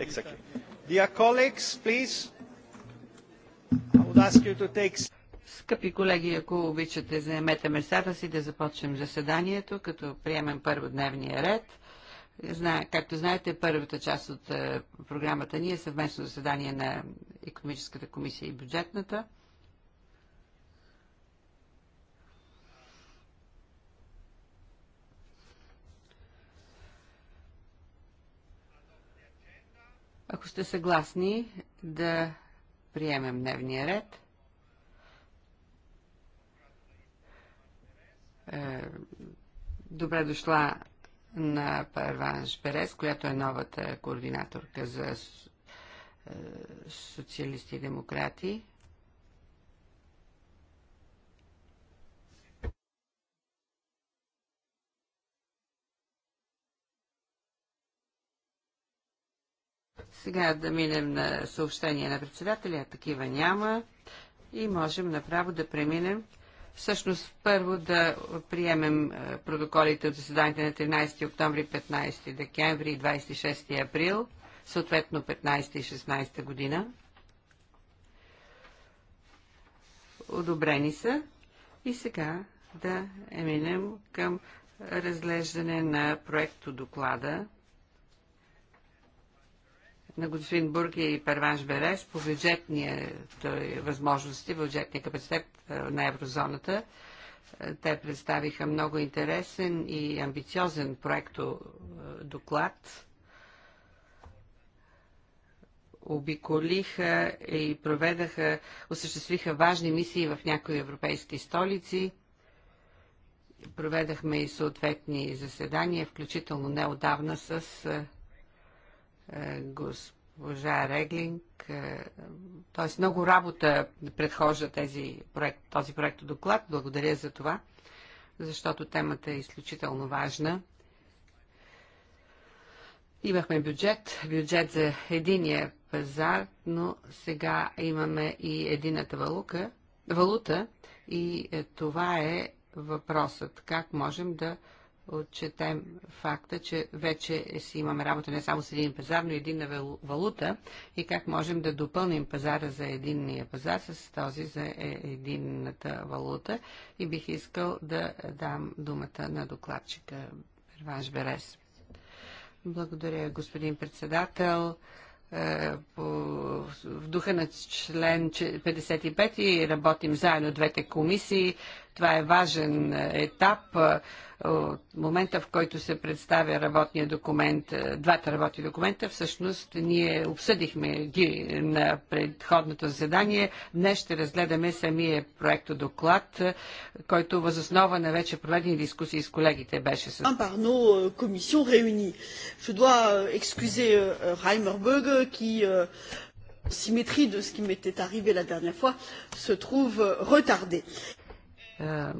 Exactly. Dear colleagues, please, I would ask you to take... Скъпи колеги, ако обичате, заемете местата си да започнем заседанието, като приемем първо дневния ред. Зна, както знаете, първата част от е, програмата ни е съвместно заседание на економическата комисия и бюджетната. Ако сте съгласни да приемем дневния ред, е, добре дошла на Парванш Берес, която е новата координаторка за е, социалисти и демократи. Сега да минем на съобщения на председателя, такива няма и можем направо да преминем. Всъщност първо да приемем е, протоколите от заседанията на 13 октомври, 15 декември и 26 април, съответно 15 и 16 година. Одобрени са. И сега да е минем към разглеждане на проекто доклада на господин Бурги и Перванш Береш по бюджетните възможности, бюджетния капацитет на еврозоната. Те представиха много интересен и амбициозен проекто доклад. Обиколиха и проведаха, осъществиха важни мисии в някои европейски столици. Проведахме и съответни заседания, включително неодавна с е, госпожа Реглинг. Е, тоест много работа предхожда тези проект, този проект доклад. Благодаря за това, защото темата е изключително важна. Имахме бюджет, бюджет за единия пазар, но сега имаме и едината валука, валута и е, това е въпросът. Как можем да отчетем факта, че вече си имаме работа не само с един пазар, но и единна валута и как можем да допълним пазара за единния пазар с този за е, единната валута. И бих искал да дам думата на докладчика Рванш Берес. Благодаря, господин председател е, в духа на член 55 работим заедно двете комисии това е важен е, етап е, от момента, в който се представя работния документ, е, двата работни документа, всъщност ние обсъдихме ги на предходното заседание. Днес ще разгледаме самия проекто доклад, който възоснова на вече проведени дискусии с колегите беше с... Par nos реуни. Ще дуа dois Раймер Бъга, ки symétrie de ce qui la dernière fois, retardée. Е,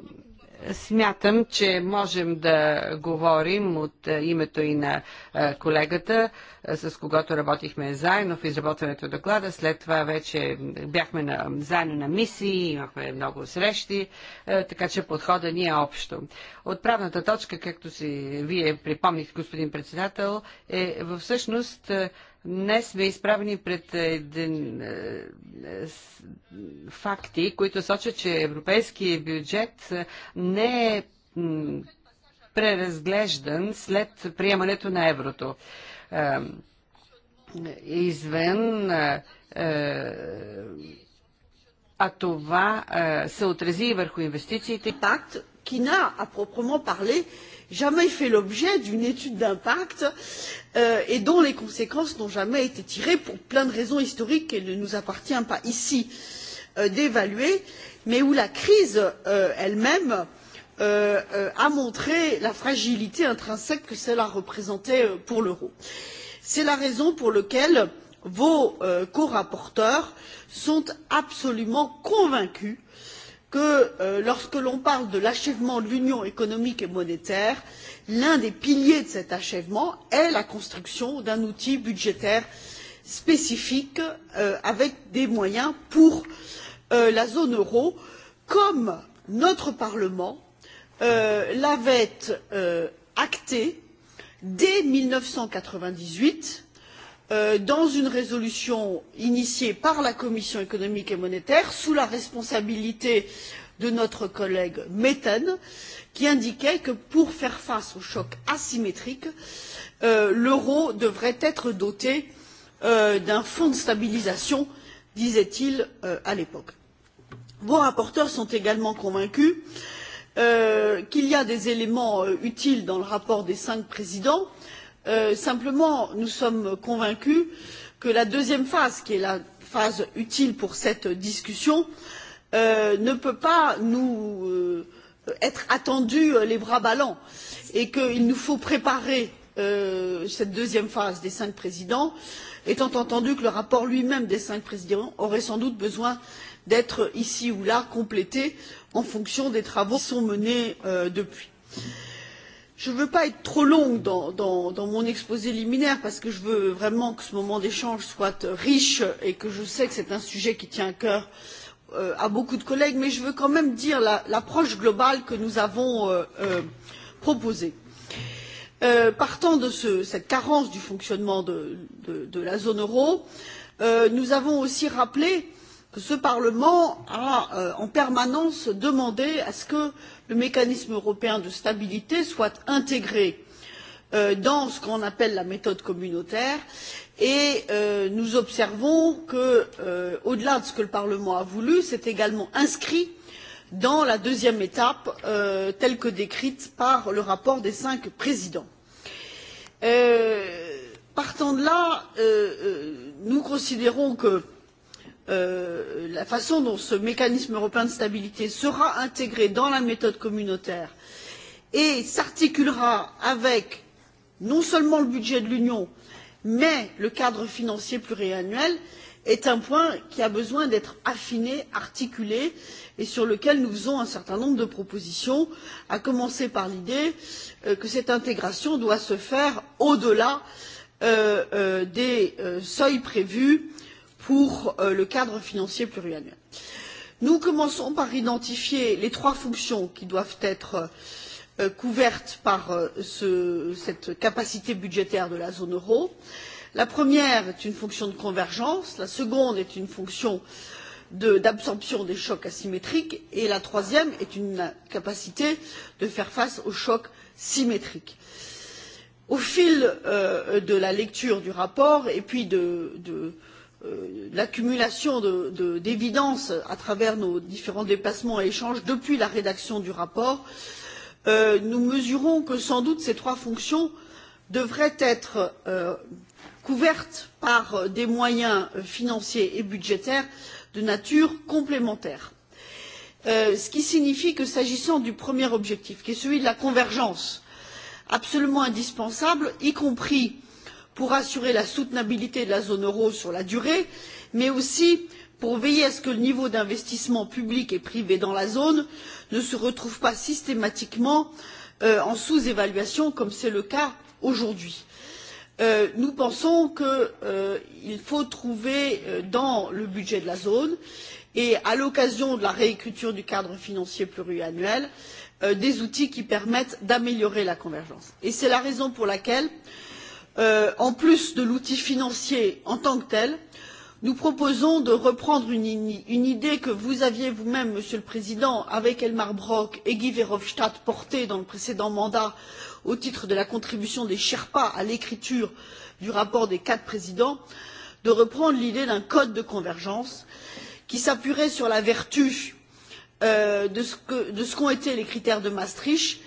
смятам, че можем да говорим от е, името и на е, колегата, с когото работихме заедно в изработването на доклада. След това вече бяхме на, заедно на мисии, имахме много срещи, така че подхода ни е общо. Отправната точка, както си вие припомнихте, господин председател, е всъщност Днес сме изправени пред един, е, е, с, факти, които сочат, че европейския бюджет не е преразглеждан след приемането на еврото. Е, извън е, е, а това е, се отрази и върху инвестициите. Пакт, qui n'a à jamais fait l'objet d'une étude d'impact et dont les conséquences n'ont jamais été tirées pour plein de raisons historiques qu'il ne nous appartient pas ici d'évaluer mais où la crise elle même a montré la fragilité intrinsèque que cela représentait pour l'euro. c'est la raison pour laquelle vos corapporteurs sont absolument convaincus que lorsque l'on parle de l'achèvement de l'union économique et monétaire l'un des piliers de cet achèvement est la construction d'un outil budgétaire spécifique avec des moyens pour la zone euro comme notre parlement l'avait acté dès mille neuf cent quatre vingt dix huit dans une résolution initiée par la commission économique et monétaire sous la responsabilité de notre collègue metten qui indiquait que pour faire face au choc asymétrique l'euro devrait être doté d'un fonds de stabilisation disait il à l'époque. vos rapporteurs sont également convaincus qu'il y a des éléments utiles dans le rapport des cinq présidents simplement nous sommes convaincus que la deuxième phase qui est la phase utile pour cette discussion ne peut pas nous être attendue les bras ballants et qu'il nous faut préparer cette deuxième phase des cinq présidents étant entendu que le rapport lui même des cinq présidents aurait sans doute besoin d'être ici ou là complété en fonction des travaux qui sont menés depuis lors je ne veux pas être trop longue dans, dans, dans mon exposé liminaire parce que je veux vraiment que ce moment d'échange soit riche et que je sais que c'est un sujet qui tient à cœur euh, à beaucoup de collègues, mais je veux quand même dire l'approche la, globale que nous avons euh, euh, proposée. Euh, partant de ce, cette carence du fonctionnement de, de, de la zone euro, euh, nous avons aussi rappelé euh, que ce Parlement a en permanence demandé à ce que le mécanisme européen de stabilité soit intégré dans ce qu'on appelle la méthode communautaire et nous observons que au delà de ce que le parlement a voulu c'est également inscrit dans la deuxième étape telle que décrite par le rapport des cinq présidents. partant de là nous considérons que la façon dont ce mécanisme européen de stabilité sera intégré dans la méthode communautaire et s'articulera avec non seulement le budget de l'union mais le cadre financier pluriannuel est un point qui a besoin d'être affiné articulé et sur lequel nous faisons un certain nombre de propositions à commencer par l'idée que cette intégration doit se faire au delà des seuils prévus pour le cadre financier pluriannuel. Nous commençons par identifier les trois fonctions qui doivent être couvertes par cette capacité budgétaire de la zone euro. La première est une fonction de convergence, la seconde est une fonction d'absorption des chocs asymétriques et la troisième est une capacité de faire face aux chocs symétriques. Au fil de la lecture du rapport et puis de, l'accumulation d'évidences à travers nos différents déplacements et échanges depuis la rédaction du rapport nous mesurons que sans doute ces trois fonctions devraient être couvertes par des moyens financiers et budgétaires de nature complémentaire ce qui signifie que s'agissant du premier objectif qui est celui de la convergence absolument indispensable y compris pour assurer la soutenabilité de la zone euro sur la durée mais aussi pour veiller à ce que le niveau d'investissement public et privé dans la zone ne se retrouve pas systématiquement en sous évaluation comme c'est le cas aujourd'hui. nous pensons qu'il faut trouver dans le budget de la zone et à l'occasion de la réécriture du cadre financier pluriannuel des outils qui permettent d'améliorer la convergence. c'est la raison pour laquelle nous en plus de l'outil financier en tant que tel nous proposons de reprendre une idée que vous aviez vous même monsieur le président avec elmar brok et guy verhofstadt portée dans le précédent mandat au titre de la contribution des sherpas à l'écriture du rapport des quatre présidents de reprendre l'idée d'un code de convergence qui s'appuierait sur la vertu de ce qu'ont été les critères de maastricht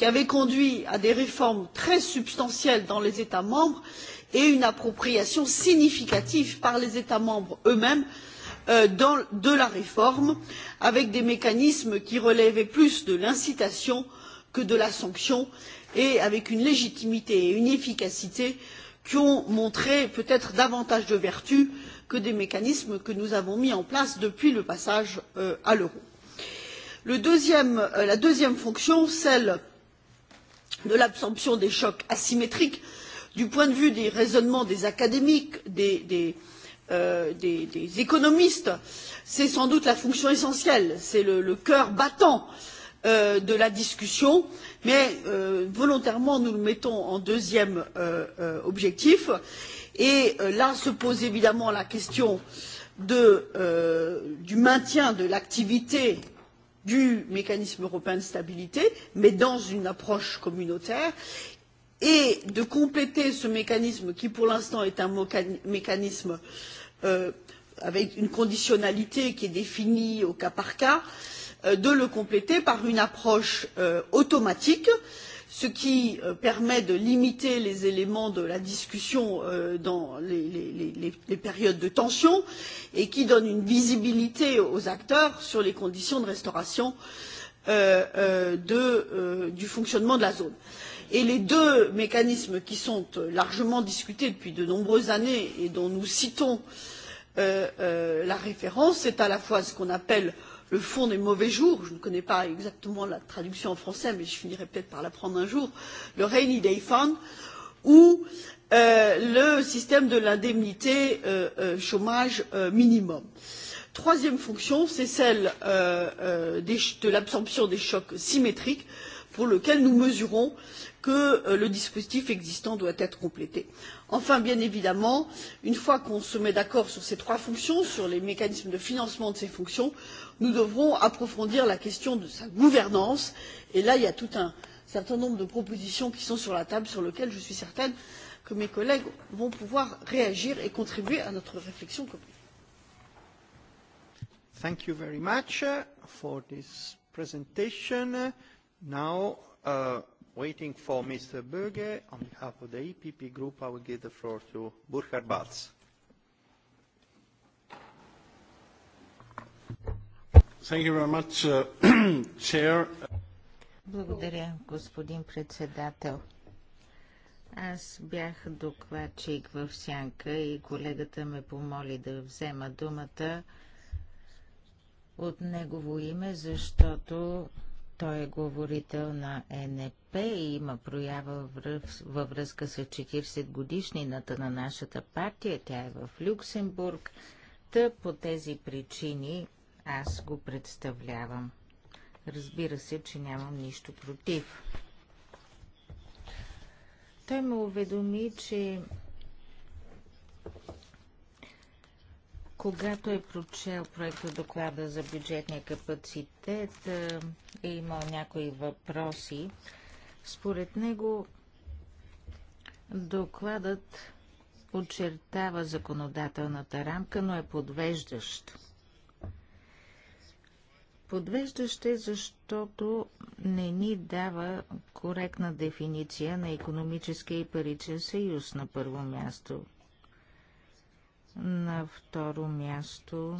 qui avait conduit à des réformes très substantielles dans les états membres et une appropriation significative par les états membres eux mêmes de la réforme avec des mécanismes qui relevaient plus de l'incitation que de la sanction et avec une légitimité et une efficacité qui ont montré peut être davantage de vertus que des mécanismes que nous avons mis en place depuis le passage à l'euro. la deuxième fonction celle de l'absorption des chocs asymétriques du point de vue des raisonnements des académiques des, économistes c'est sans doute la fonction essentielle c'est le, cœur battant de la discussion mais volontairement nous le mettons en deuxième objectif et là se pose évidemment la question du maintien de l'activité du mécanisme européen de stabilité, mais dans une approche communautaire, et de compléter ce mécanisme qui, pour l'instant, est un mécanisme avec une conditionnalité qui est définie au cas par cas, de le compléter par une approche automatique euh, ce qui permet de limiter les éléments de la discussion dans les périodes de tension et qui donne une visibilité aux acteurs sur les conditions de restauration du fonctionnement de la zone. les deux mécanismes qui sont largement discutés depuis de nombreuses années et dont nous citons la référence c'est à la fois ce qu'on appelle le fond des mauvais jours je ne connais pas exactement la traduction en français mais je finirai peut être par l'apprendre un jour le rainy day fund ou le système de l'indemnité chômage minimum. troisième fonction c'est celle de l'absorption des chocs symétriques pour lequel nous mesurons que le dispositif existant doit être complété. enfin bien évidemment une fois qu'on se met d'accord sur ces trois fonctions sur les mécanismes de financement de ces fonctions nous devrons approfondir la question de sa gouvernance et là il y a tout un certain nombre de propositions qui sont sur la table sur lesquelles je suis certaine que mes collègues vont pouvoir réagir et contribuer à notre réflexion commune. Thank you very much for this presentation. Now, uh, waiting for Mr. on behalf of the EPP group, I will give the floor to Burkhard Balz. Uh, Благодаря, господин председател. Аз бях докладчик в Сянка и колегата ме помоли да взема думата от негово име, защото той е говорител на НП и има проява във връзка с 40 годишнината на нашата партия. Тя е в Люксембург. Та по тези причини аз го представлявам. Разбира се, че нямам нищо против. Той ме уведоми, че когато е прочел проекта доклада за бюджетния капацитет, е имал някои въпроси. Според него докладът очертава законодателната рамка, но е подвеждащ. Подвеждаще защото не ни дава коректна дефиниция на економическия и паричен съюз на първо място. На второ място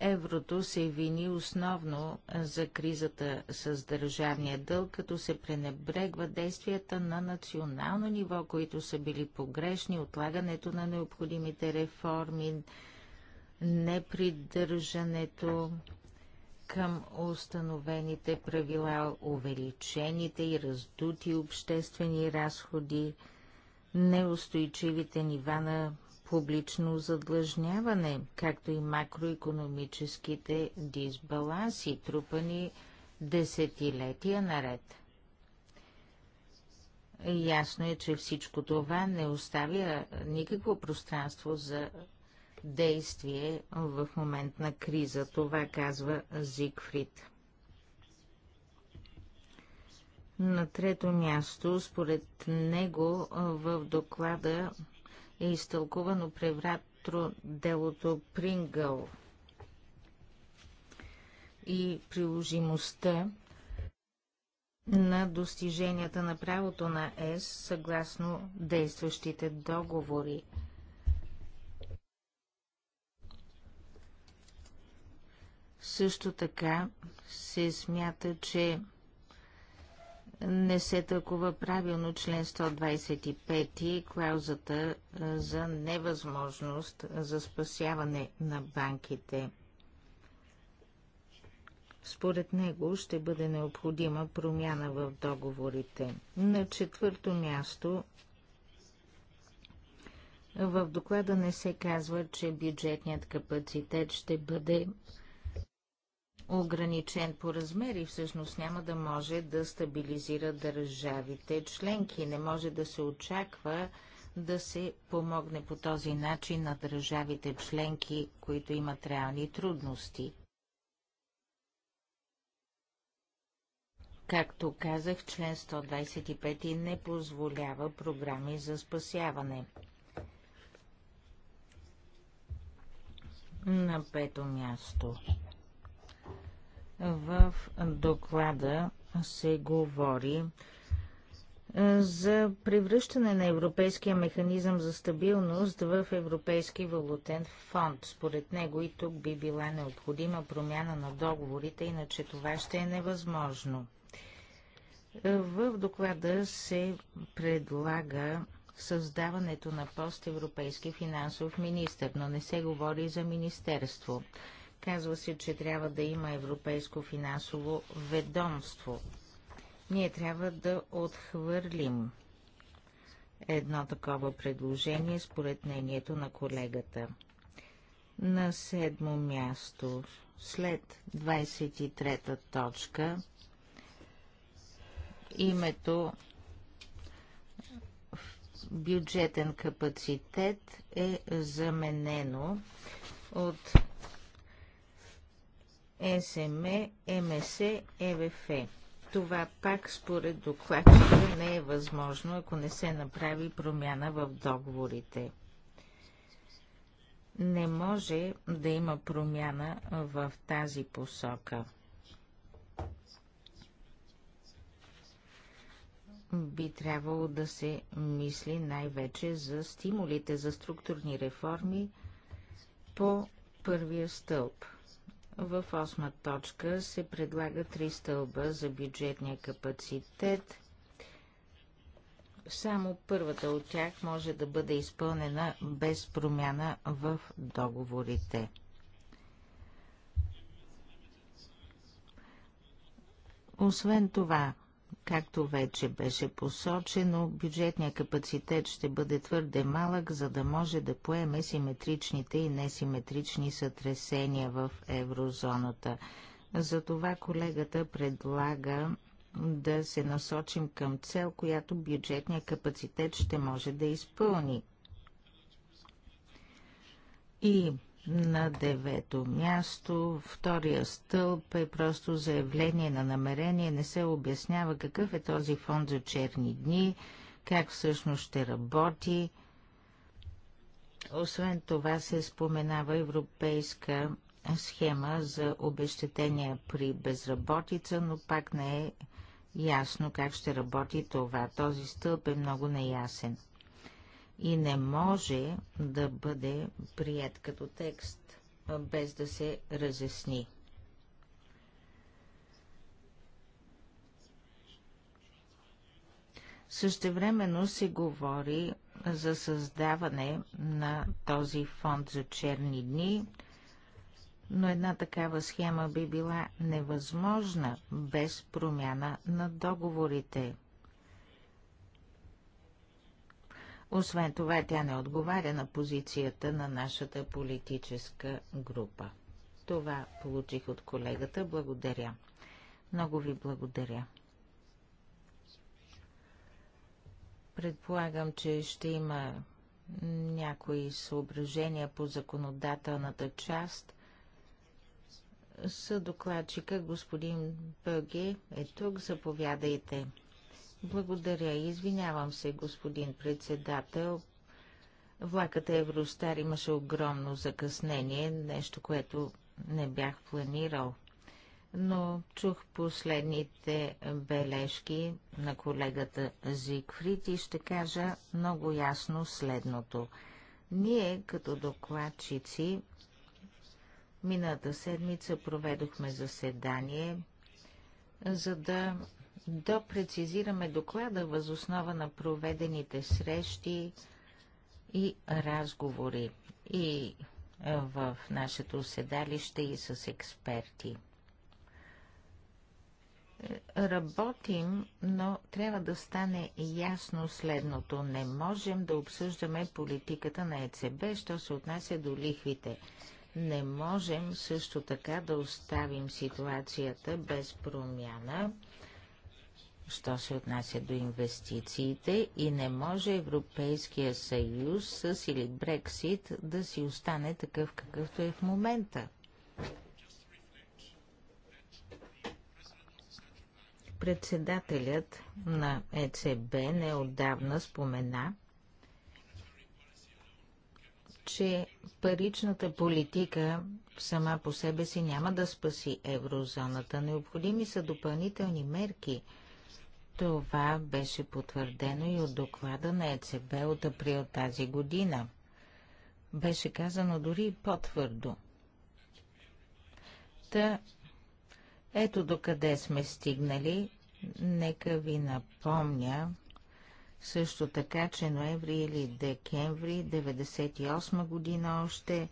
еврото се вини основно за кризата с държавния дълг, като се пренебрегва действията на национално ниво, които са били погрешни, отлагането на необходимите реформи, непридържането към установените правила, увеличените и раздути обществени разходи, неустойчивите нива на публично задлъжняване, както и макроекономическите дисбаланси, трупани десетилетия наред. Ясно е, че всичко това не оставя никакво пространство за действие в момент на криза. Това казва Зигфрид. На трето място, според него, в доклада е изтълкувано превратно делото Прингъл и приложимостта на достиженията на правото на ЕС съгласно действащите договори. Също така се смята, че не се тълкува правилно член 125, клаузата за невъзможност за спасяване на банките. Според него ще бъде необходима промяна в договорите. На четвърто място в доклада не се казва, че бюджетният капацитет ще бъде ограничен по размер и всъщност няма да може да стабилизира държавите членки. Не може да се очаква да се помогне по този начин на държавите членки, които имат реални трудности. Както казах, член 125 не позволява програми за спасяване. На пето място в доклада се говори е, за превръщане на Европейския механизъм за стабилност в Европейски валутен фонд. Според него и тук би била необходима промяна на договорите, иначе това ще е невъзможно. В доклада се предлага създаването на пост Европейски финансов министр, но не се говори за министерство. Казва се, че трябва да има европейско финансово ведомство. Ние трябва да отхвърлим едно такова предложение според мнението на колегата. На седмо място, след 23-та точка, името бюджетен капацитет е заменено от СМЕ, МС ЕВФ. Това пак според докладчика не е възможно, ако не се направи промяна в договорите. Не може да има промяна в тази посока. би трябвало да се мисли най-вече за стимулите за структурни реформи по първия стълб. В осма точка се предлага три стълба за бюджетния капацитет. Само първата от тях може да бъде изпълнена без промяна в договорите. Освен това, Както вече беше посочено, бюджетният капацитет ще бъде твърде малък, за да може да поеме симетричните и несиметрични сътресения в еврозоната. Затова колегата предлага да се насочим към цел, която бюджетният капацитет ще може да изпълни. И на девето място, втория стълб е просто заявление на намерение, не се обяснява какъв е този фонд за черни дни, как всъщност ще работи. Освен това се споменава европейска схема за обещетения при безработица, но пак не е ясно как ще работи това. Този стълб е много неясен и не може да бъде прият като текст без да се разясни. Същевременно се говори за създаване на този фонд за черни дни, но една такава схема би била невъзможна без промяна на договорите – Освен това, тя не отговаря на позицията на нашата политическа група. Това получих от колегата. Благодаря. Много ви благодаря. Предполагам, че ще има някои съображения по законодателната част. Съдокладчика господин Бълге е тук. Заповядайте. Благодаря. Извинявам се, господин председател. Влакът Евростар имаше огромно закъснение, нещо, което не бях планирал. Но чух последните бележки на колегата Зигфрид и ще кажа много ясно следното. Ние, като докладчици, миналата седмица проведохме заседание, за да да прецизираме доклада възоснова на проведените срещи и разговори и е, в нашето седалище и с експерти. Е, работим, но трябва да стане ясно следното. Не можем да обсъждаме политиката на ЕЦБ, що се отнася до лихвите. Не можем също така да оставим ситуацията без промяна що се отнася до инвестициите и не може Европейския съюз с или Брексит да си остане такъв какъвто е в момента. Председателят на ЕЦБ неодавна спомена, че паричната политика сама по себе си няма да спаси еврозоната. Необходими са допълнителни мерки – това беше потвърдено и от доклада на ЕЦБ от април тази година. Беше казано дори и по-твърдо. Та, ето докъде сме стигнали. Нека ви напомня също така, че ноември или декември 1998 година още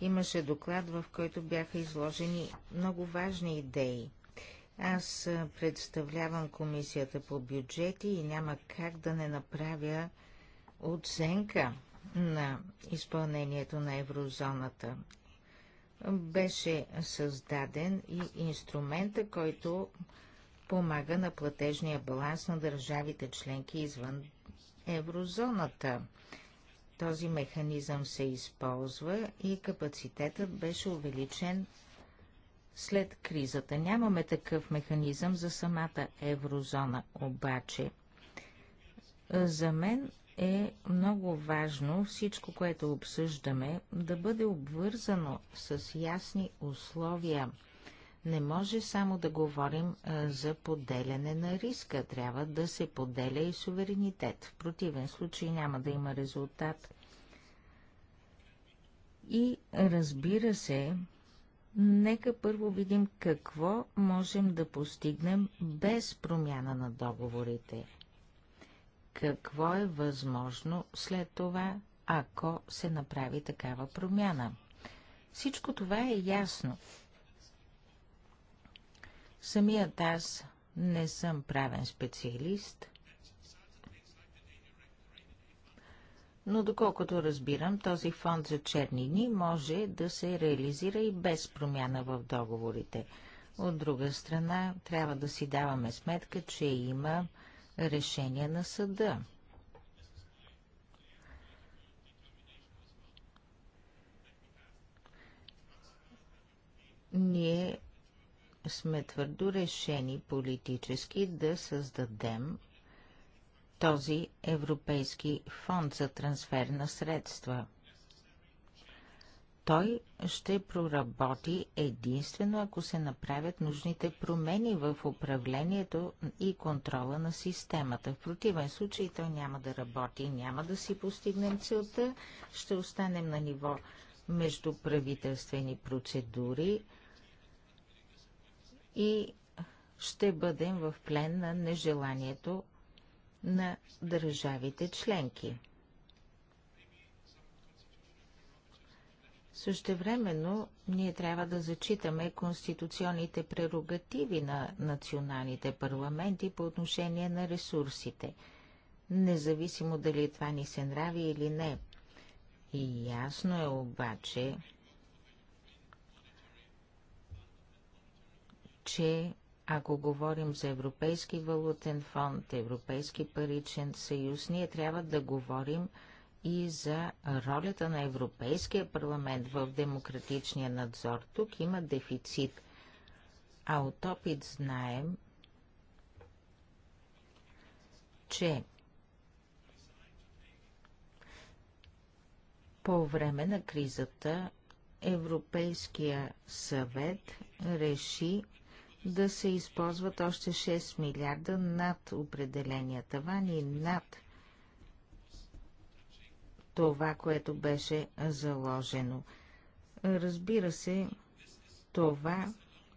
имаше доклад, в който бяха изложени много важни идеи – аз представлявам комисията по бюджети и няма как да не направя оценка на изпълнението на еврозоната. Беше създаден и инструмента, който помага на платежния баланс на държавите членки извън еврозоната. Този механизъм се използва и капацитетът беше увеличен след кризата. Нямаме такъв механизъм за самата еврозона, обаче. За мен е много важно всичко, което обсъждаме, да бъде обвързано с ясни условия. Не може само да говорим за поделяне на риска. Трябва да се поделя и суверенитет. В противен случай няма да има резултат. И разбира се, Нека първо видим какво можем да постигнем без промяна на договорите. Какво е възможно след това, ако се направи такава промяна? Всичко това е ясно. Самият аз не съм правен специалист – но доколкото разбирам, този фонд за чернини може да се реализира и без промяна в договорите. От друга страна, трябва да си даваме сметка, че има решение на съда. Ние сме твърдо решени политически да създадем този Европейски фонд за трансфер на средства. Той ще проработи единствено ако се направят нужните промени в управлението и контрола на системата. В противен случай той няма да работи, няма да си постигнем целта, ще останем на ниво между правителствени процедури и ще бъдем в плен на нежеланието на държавите членки. Същевременно ние трябва да зачитаме конституционните прерогативи на националните парламенти по отношение на ресурсите, независимо дали това ни се нрави или не. И ясно е обаче, че ако говорим за Европейски валутен фонд, Европейски паричен съюз, ние трябва да говорим и за ролята на Европейския парламент в демократичния надзор. Тук има дефицит. А от опит знаем, че по време на кризата Европейския съвет реши да се използват още 6 милиарда над определения таван и над това, което беше заложено. Разбира се, това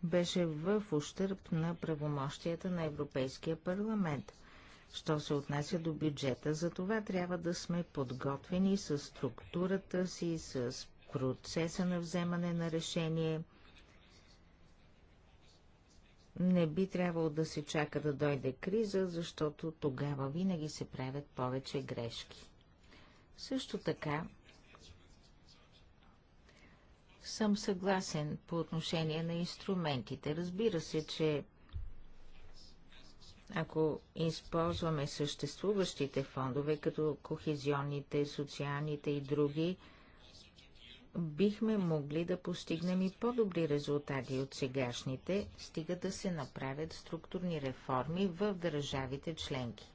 беше в ущърп на правомощията на Европейския парламент. Що се отнася до бюджета, за това трябва да сме подготвени с структурата си, с процеса на вземане на решение – не би трябвало да се чака да дойде криза, защото тогава винаги се правят повече грешки. Също така съм съгласен по отношение на инструментите. Разбира се, че ако използваме съществуващите фондове, като кохезионните, социалните и други, бихме могли да постигнем и по-добри резултати от сегашните, стига да се направят структурни реформи в държавите членки.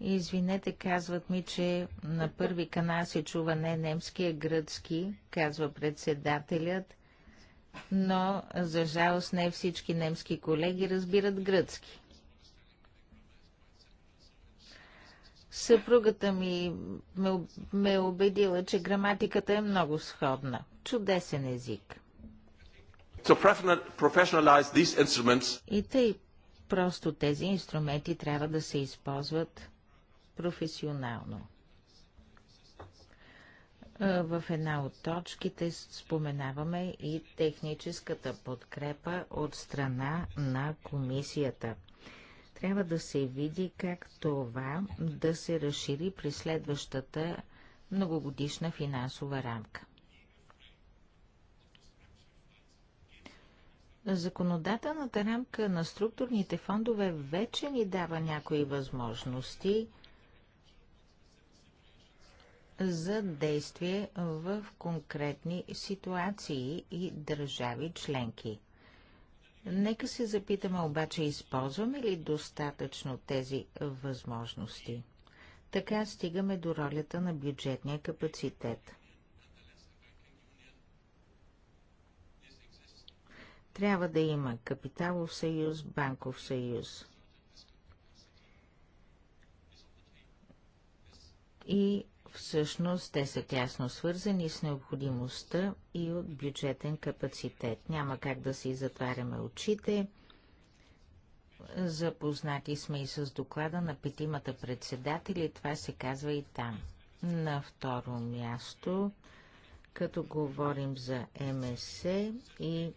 Извинете, казват ми, че на първи канал се чува не немски, а гръцки, казва председателят, но за жалост не всички немски колеги разбират гръцки. Съпругата ми ме, ме е убедила, че граматиката е много сходна. Чудесен език. So И тъй просто тези инструменти трябва да се използват професионално. Е, в една от точките споменаваме и техническата подкрепа от страна на комисията – трябва да се види как това да се разшири при следващата многогодишна финансова рамка. Законодателната рамка на структурните фондове вече ни дава някои възможности за действие в конкретни ситуации и държави членки. Нека се запитаме обаче, използваме ли достатъчно тези възможности? Така стигаме до ролята на бюджетния капацитет. Трябва да има капиталов съюз, банков съюз. И Всъщност те са тясно свързани с необходимостта и от бюджетен капацитет. Няма как да си затваряме очите. Запознати сме и с доклада на петимата председатели, това се казва и там. На второ място, като говорим за МСС и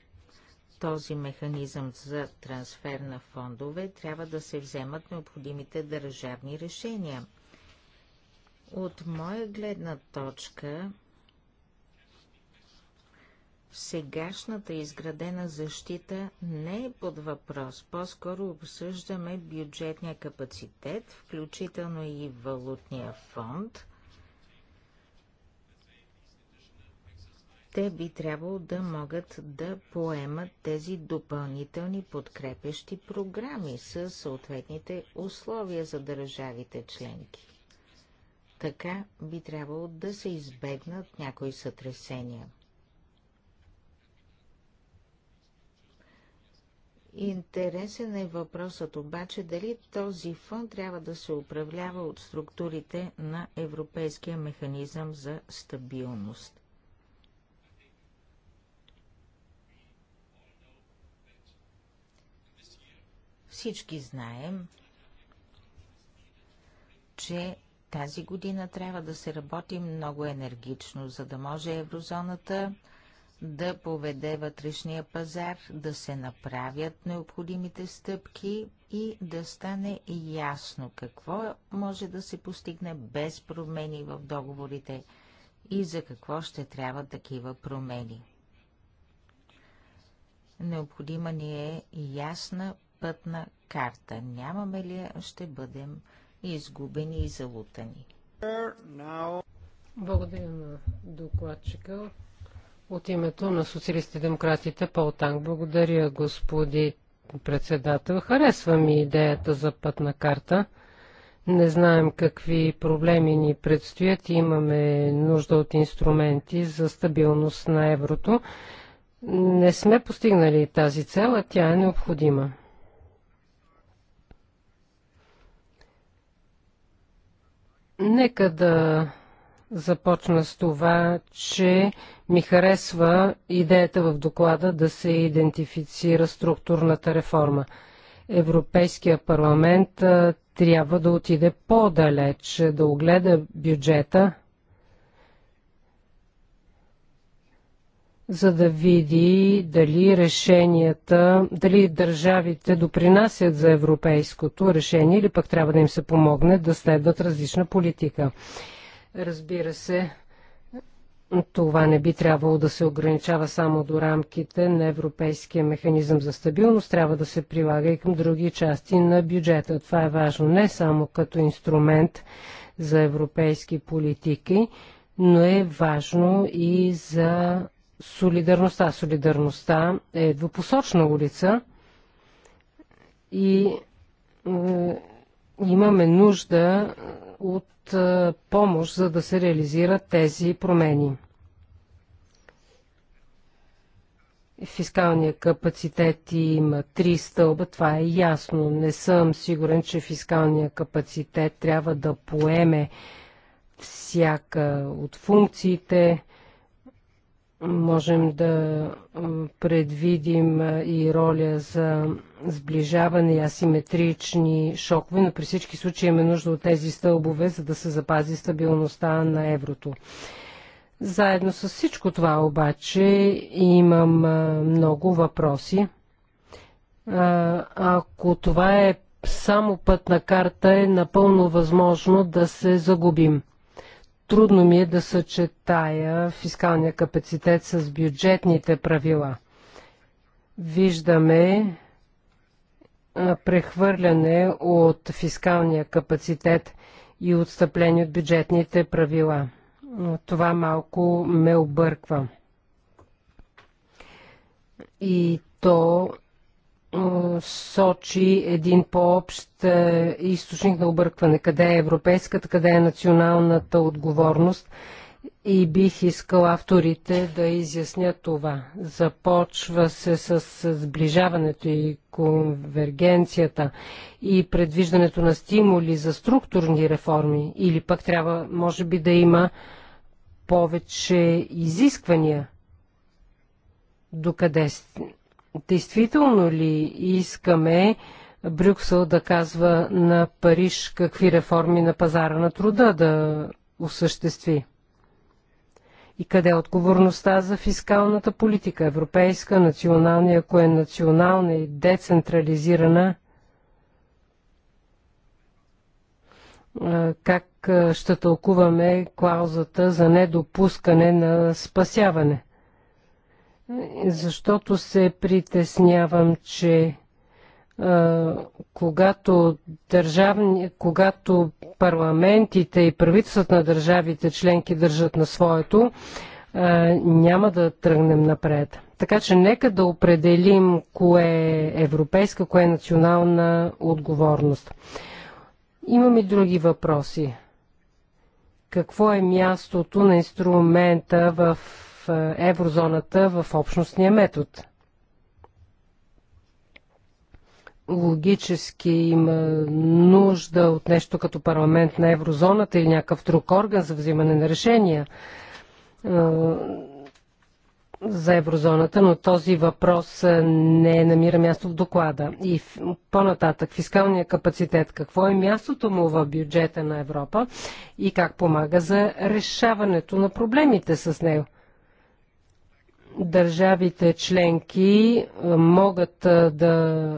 този механизъм за трансфер на фондове, трябва да се вземат необходимите държавни решения – от моя гледна точка, сегашната изградена защита не е под въпрос. По-скоро обсъждаме бюджетния капацитет, включително и валутния фонд. Те би трябвало да могат да поемат тези допълнителни подкрепещи програми с съответните условия за държавите членки. Така би трябвало да се избегнат някои сътресения. Интересен е въпросът обаче дали този фонд трябва да се управлява от структурите на Европейския механизъм за стабилност. Всички знаем, че тази година трябва да се работи много енергично, за да може еврозоната да поведе вътрешния пазар, да се направят необходимите стъпки и да стане ясно какво може да се постигне без промени в договорите и за какво ще трябва такива промени. Необходима ни е ясна пътна карта. Нямаме ли я, ще бъдем изгубени и залутани. Благодаря на докладчика. От името на социалистите демократите Пол Танк. Благодаря, господи председател. Харесва ми идеята за пътна карта. Не знаем какви проблеми ни предстоят. Имаме нужда от инструменти за стабилност на еврото. Не сме постигнали тази цел, а тя е необходима. Нека да започна с това, че ми харесва идеята в доклада да се идентифицира структурната реформа. Европейския парламент трябва да отиде по-далеч, да огледа бюджета – за да види дали решенията, дали държавите допринасят за европейското решение или пък трябва да им се помогне да следват различна политика. Разбира се, това не би трябвало да се ограничава само до рамките на Европейския механизъм за стабилност, трябва да се прилага и към други части на бюджета. Това е важно не само като инструмент за европейски политики, но е важно и за солидарността. Солидарността е двупосочна улица и е, имаме нужда от е, помощ, за да се реализират тези промени. Фискалният капацитет има три стълба, това е ясно. Не съм сигурен, че фискалният капацитет трябва да поеме всяка от функциите можем да предвидим и роля за сближаване и асиметрични шокове, но при всички случаи имаме нужда от тези стълбове, за да се запази стабилността на еврото. Заедно с всичко това обаче имам много въпроси. Ако това е само пътна карта, е напълно възможно да се загубим. Трудно ми е да съчетая фискалния капацитет с бюджетните правила. Виждаме прехвърляне от фискалния капацитет и отстъпление от бюджетните правила. Това малко ме обърква. И то сочи един по-общ е, източник на объркване. Къде е европейската, къде е националната отговорност? И бих искал авторите да изяснят това. Започва се с сближаването и конвергенцията и предвиждането на стимули за структурни реформи или пък трябва, може би, да има повече изисквания. Докъде сте? действително ли искаме Брюксел да казва на Париж какви реформи на пазара на труда да осъществи? И къде е отговорността за фискалната политика? Европейска, национална, ако е национална и децентрализирана, как ще тълкуваме клаузата за недопускане на спасяване? защото се притеснявам, че когато, държавни, когато парламентите и правителствата на държавите членки държат на своето, няма да тръгнем напред. Така че нека да определим кое е европейска, кое е национална отговорност. Имам и други въпроси. Какво е мястото на инструмента в е, еврозоната в общностния метод. Логически има нужда от нещо като парламент на еврозоната или някакъв друг орган за взимане на решения е, за еврозоната, но този въпрос е, не намира място в доклада. И по-нататък, фискалния капацитет, какво е мястото му в бюджета на Европа и как помага за решаването на проблемите с него? държавите членки могат да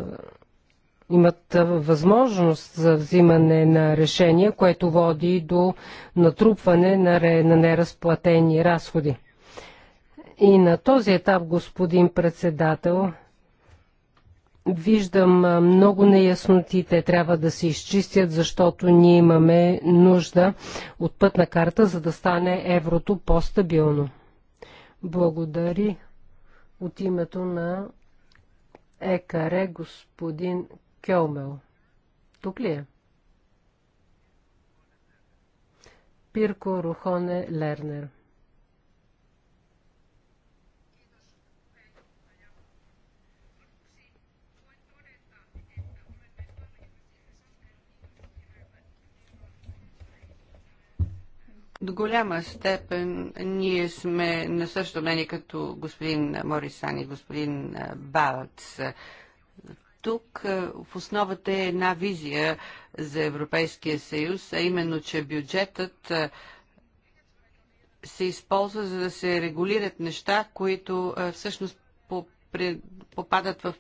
имат възможност за взимане на решения, което води до натрупване на неразплатени разходи. И на този етап, господин председател, виждам много неясноти. Те трябва да се изчистят, защото ние имаме нужда от пътна карта, за да стане еврото по-стабилно. Благодари от името на ЕКАРЕ господин Кьомел. Тук ли е? Пирко Рухоне Лернер. до голяма степен ние сме на същото мнение като господин Морисан и господин Балц. Тук в основата е една визия за Европейския съюз, а именно, че бюджетът се използва за да се регулират неща, които всъщност попадат в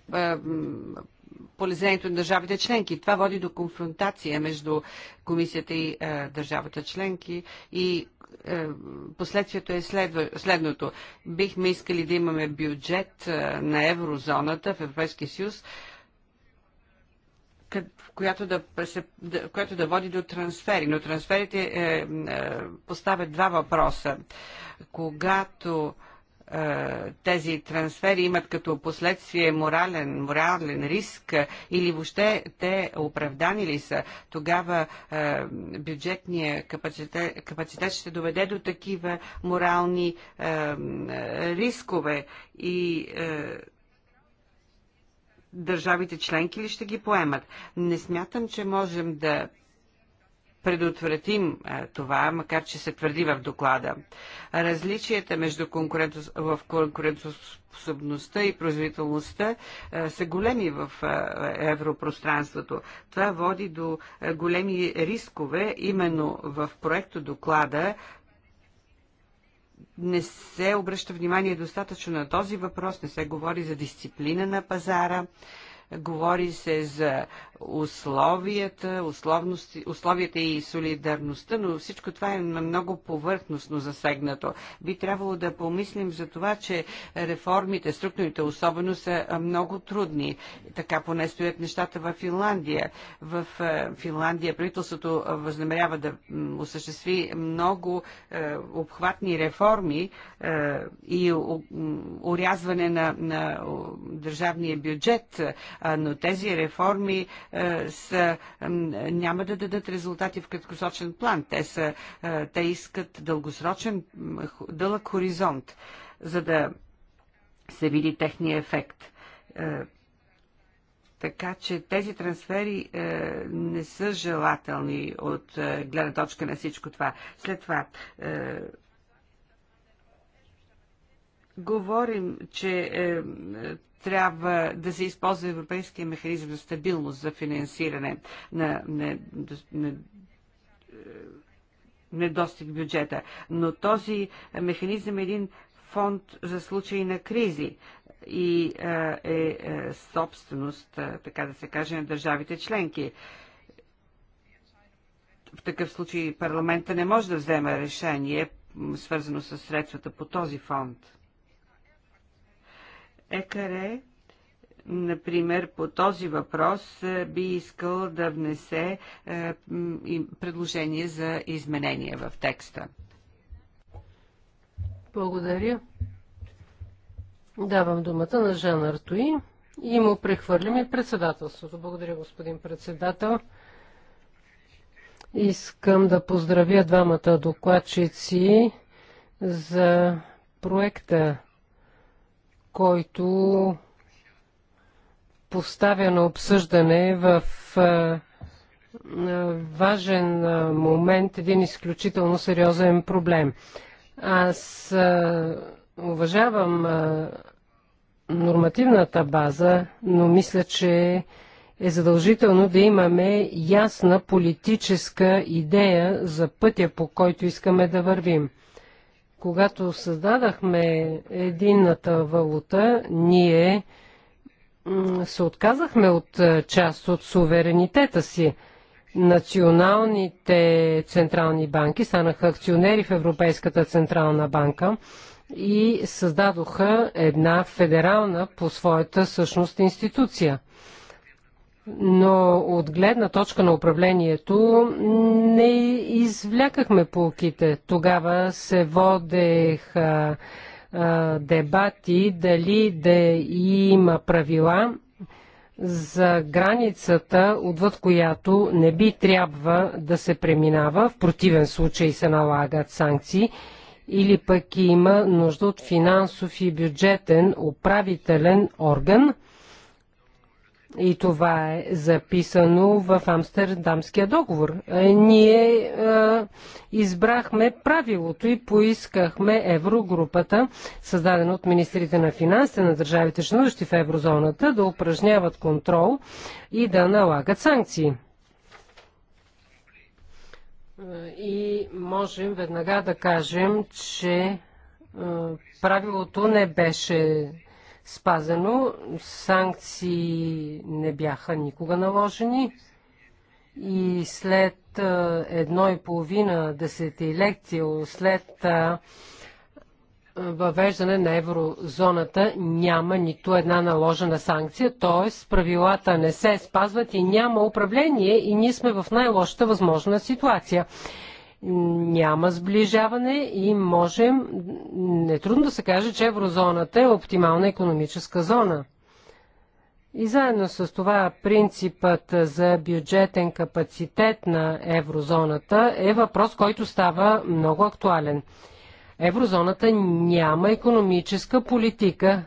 полезението на държавите членки. Това води до конфронтация между комисията и е, държавата членки и е, последствието е следва, следното. Бихме искали да имаме бюджет е, на еврозоната в Европейския съюз, която да, която да води до трансфери. Но трансферите е, е, поставят два въпроса. Когато е, е, тези трансфери имат като последствие морален, морален риск е, или въобще те оправдани ли са, тогава е, бюджетния капацитет, капацитет ще доведе до такива морални рискове и държавите членки ли ще ги поемат. Не смятам, че можем да предотвратим това, макар че се твърди в доклада. Различията между конкурентос... в конкурентоспособността и производителността са големи в европространството. Това води до големи рискове именно в проекто доклада не се обръща внимание достатъчно на този въпрос, не се говори за дисциплина на пазара, говори се за условията, условията и солидарността, но всичко това е много повърхностно засегнато. Би трябвало да помислим за това, че реформите, структурните особено са много трудни. Така поне стоят нещата в Финландия. В е, Финландия правителството възнамерява да осъществи много е, обхватни реформи е, и урязване на, на държавния бюджет, но тези реформи е, са, няма да дадат резултати в краткосрочен план. Те, са, е, те искат дългосрочен, дълъг хоризонт, за да се види техния ефект. Е, така че тези трансфери е, не са желателни от е, гледна точка на всичко това. След това е, Говорим, че е, е, трябва да се използва Европейския механизъм за стабилност за финансиране на, е, недостиг не, недостиг бюджета. Но този механизъм е един фонд за случаи на кризи и е, е, е собственост, така да се каже, на държавите членки. В такъв случай парламента не може да взема решение, свързано с средствата по този фонд. Екаре, например, по този въпрос е, би искал да внесе е, предложение за изменение в текста. Благодаря. Давам думата на Жан Артуи и му и председателството. Благодаря, господин председател. Искам да поздравя двамата докладчици за проекта който поставя на обсъждане в е, е, важен е, момент един изключително сериозен проблем. Аз уважавам нормативната база, но мисля, че е задължително да имаме ясна политическа идея за пътя, по който искаме да вървим. Когато създадахме единната валута, ние се отказахме от част от суверенитета си. Националните централни банки станаха акционери в Европейската централна банка и създадоха една федерална по своята същност институция – но от гледна точка на управлението не извлякахме полките. Тогава се водеха дебати дали да има правила за границата, отвъд която не би трябва да се преминава, в противен случай се налагат санкции, или пък има нужда от финансов и бюджетен управителен орган – и това е записано в Амстердамския договор. Е, ние а, е, избрахме правилото и поискахме еврогрупата, създадена от министрите на финансите на държавите членуващи в еврозоната, да упражняват контрол и да налагат санкции. Е, и можем веднага да кажем, че правилото не беше спазено. Санкции не бяха никога наложени. И след едно и половина десетилетия, след въвеждане на еврозоната няма нито една наложена санкция, т.е. правилата не се спазват и няма управление и ние сме в най-лошата възможна ситуация няма сближаване и можем, нетрудно да се каже, че еврозоната е оптимална економическа зона. И заедно с това принципът за бюджетен капацитет на еврозоната е въпрос, който става много актуален. Еврозоната няма економическа политика.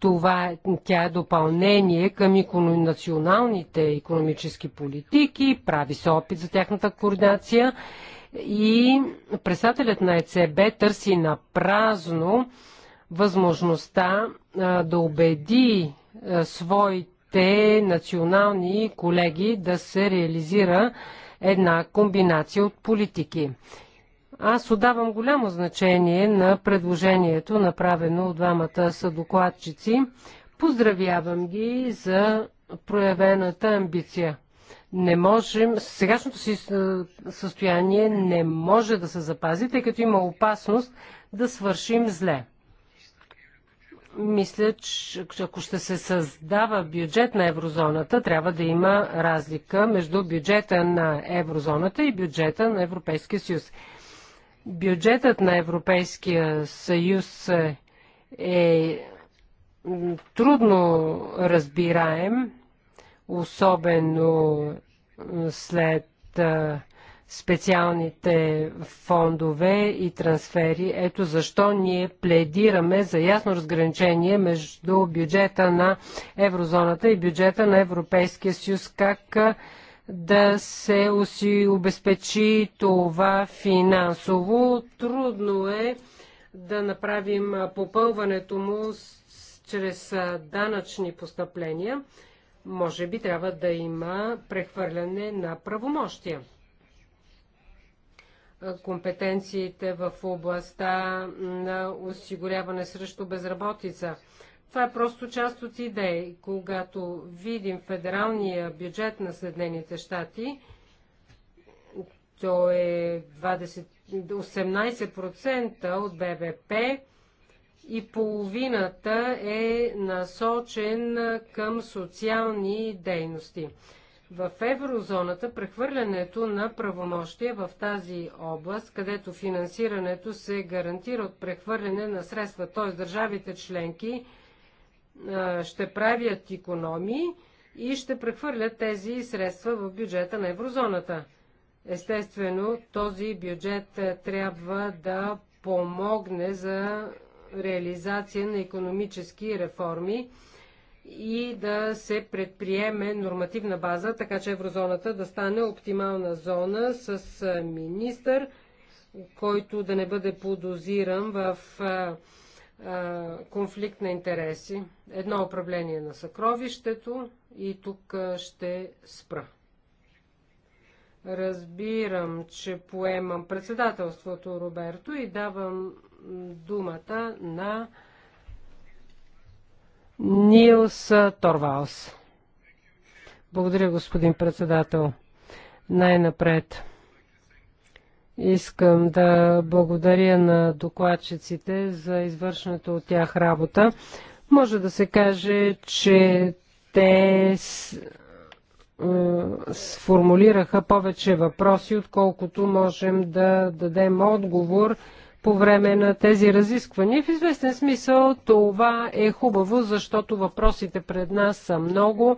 Това, тя е допълнение към економ... националните економически политики, прави се опит за тяхната координация и председателят на ЕЦБ търси на празно възможността да убеди своите национални колеги да се реализира една комбинация от политики. Аз отдавам голямо значение на предложението, направено от двамата съдокладчици. Поздравявам ги за проявената амбиция не можем, сегашното си състояние не може да се запази, тъй като има опасност да свършим зле. Мисля, че ако ще се създава бюджет на еврозоната, трябва да има разлика между бюджета на еврозоната и бюджета на Европейския съюз. Бюджетът на Европейския съюз е трудно разбираем особено след специалните фондове и трансфери. Ето защо ние пледираме за ясно разграничение между бюджета на еврозоната и бюджета на Европейския съюз. Как да се обезпечи това финансово. Трудно е да направим попълването му чрез данъчни постъпления може би трябва да има прехвърляне на правомощия. Компетенциите в областта на осигуряване срещу безработица. Това е просто част от идеи. Когато видим федералния бюджет на Съединените щати, то е 20, 18% от БВП и половината е насочен към социални дейности. В еврозоната прехвърлянето на правомощия в тази област, където финансирането се гарантира от прехвърляне на средства, т.е. държавите членки ще правят економии и ще прехвърлят тези средства в бюджета на еврозоната. Естествено, този бюджет трябва да помогне за реализация на економически реформи и да се предприеме нормативна база, така че еврозоната да стане оптимална зона с министър, който да не бъде подозиран в конфликт на интереси. Едно управление на съкровището и тук ще спра. Разбирам, че поемам председателството Роберто и давам думата на Нилс Торвалс. Благодаря, господин председател. Най-напред. Искам да благодаря на докладчиците за извършената от тях работа. Може да се каже, че те е, сформулираха повече въпроси, отколкото можем да дадем отговор по време на тези разисквания. В известен смисъл това е хубаво, защото въпросите пред нас са много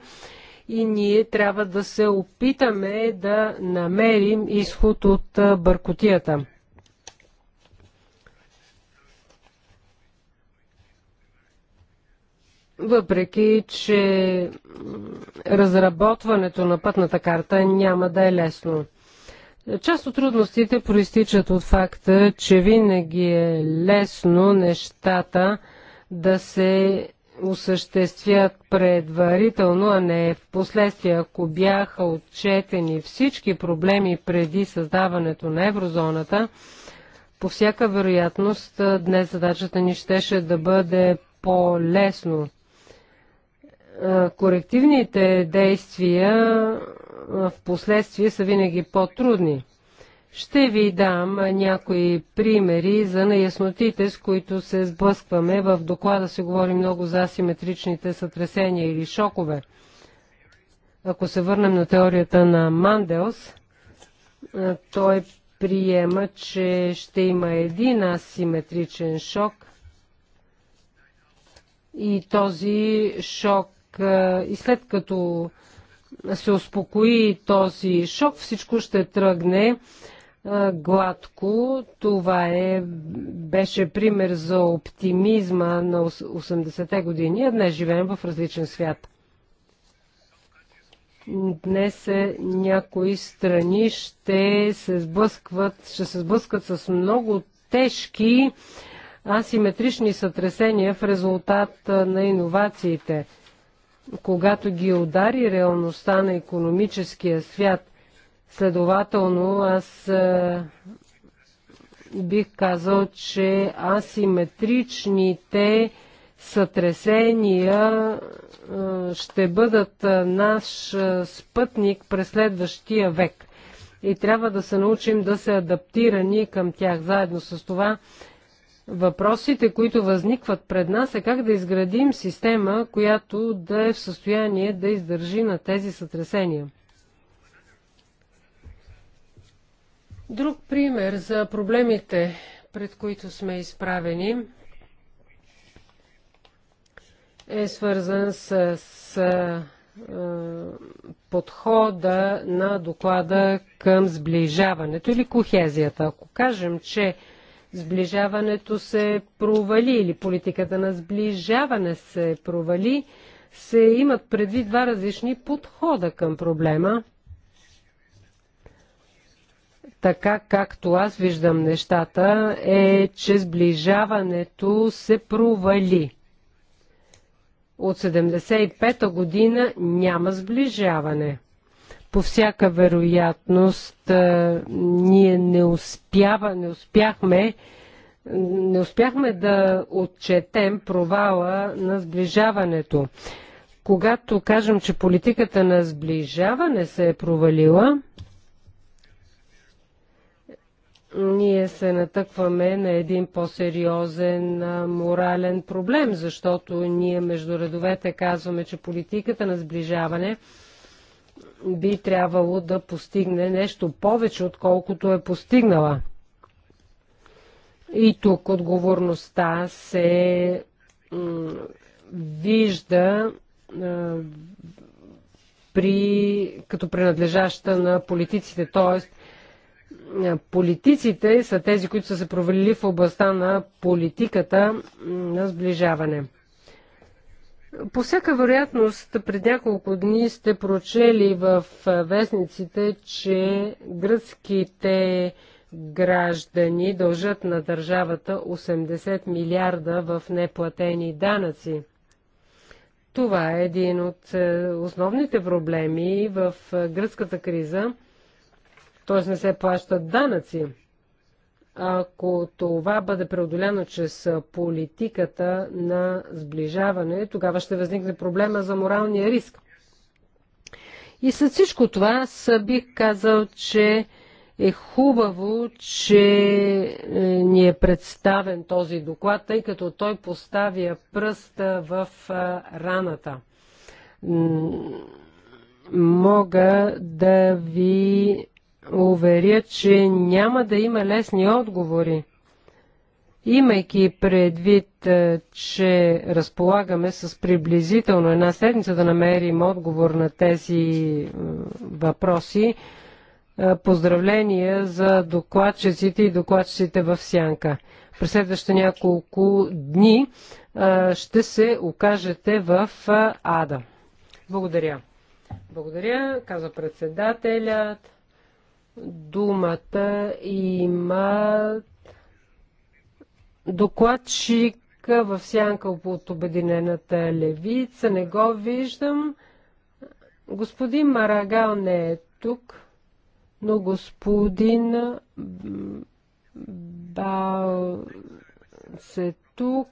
и ние трябва да се опитаме да намерим изход от бъркотията. Въпреки, че разработването на пътната карта няма да е лесно. Част от трудностите проистичат от факта, че винаги е лесно нещата да се осъществят предварително, а не в последствие. Ако бяха отчетени всички проблеми преди създаването на еврозоната, по всяка вероятност днес задачата ни щеше да бъде по-лесно. Корективните действия в последствие са винаги по-трудни. Ще ви дам някои примери за неяснотите, с които се сблъскваме. В доклада се говори много за асиметричните сътресения или шокове. Ако се върнем на теорията на Манделс, той приема, че ще има един асиметричен шок и този шок и след като се успокои този шок, всичко ще тръгне гладко. Това е, беше пример за оптимизма на 80-те години, а днес живеем в различен свят. Днес е, някои страни ще се сблъскват, ще се сблъскат с много тежки асиметрични сътресения в резултат на иновациите – когато ги удари реалността на економическия свят. Следователно, аз бих казал, че асиметричните сътресения ще бъдат наш спътник през следващия век. И трябва да се научим да се адаптирани към тях. Заедно с това Въпросите, които възникват пред нас е как да изградим система, която да е в състояние да издържи на тези сътресения. Друг пример за проблемите, пред които сме изправени, е свързан с, с е, подхода на доклада към сближаването или кохезията. Ако кажем, че сближаването се провали или политиката на сближаване се провали, се имат предвид два различни подхода към проблема. Така както аз виждам нещата, е, че сближаването се провали. От 75-та година няма сближаване по всяка вероятност ние не, успява, не успяхме не успяхме да отчетем провала на сближаването. Когато кажем, че политиката на сближаване се е провалила, ние се натъкваме на един по-сериозен морален проблем, защото ние между редовете казваме, че политиката на сближаване – би трябвало да постигне нещо повече, отколкото е постигнала. И тук отговорността се вижда а, при, като принадлежаща на политиците. Т.е. политиците са тези, които са се провалили в областта на политиката на сближаване. По всяка вероятност, пред няколко дни сте прочели в вестниците, че гръцките граждани дължат на държавата 80 милиарда в неплатени данъци. Това е един от основните проблеми в гръцката криза, т.е. не се плащат данъци. Ако това бъде преодоляно чрез политиката на сближаване, тогава ще възникне проблема за моралния риск. И след всичко това, аз бих казал, че е хубаво, че е, ни е представен този доклад, тъй като той поставя пръста в раната. Мога да ви уверя, че няма да има лесни отговори. Имайки предвид, е, че разполагаме с приблизително една седмица да намерим отговор на тези е, въпроси, е, поздравления за докладчиците и докладчиците в Сянка. През следващите няколко дни ще се окажете в Ада. Благодаря. Благодаря, каза председателят думата има докладчик в сянка от Обединената левица. Не го виждам. Господин Марагал не е тук, но господин Бал се тук.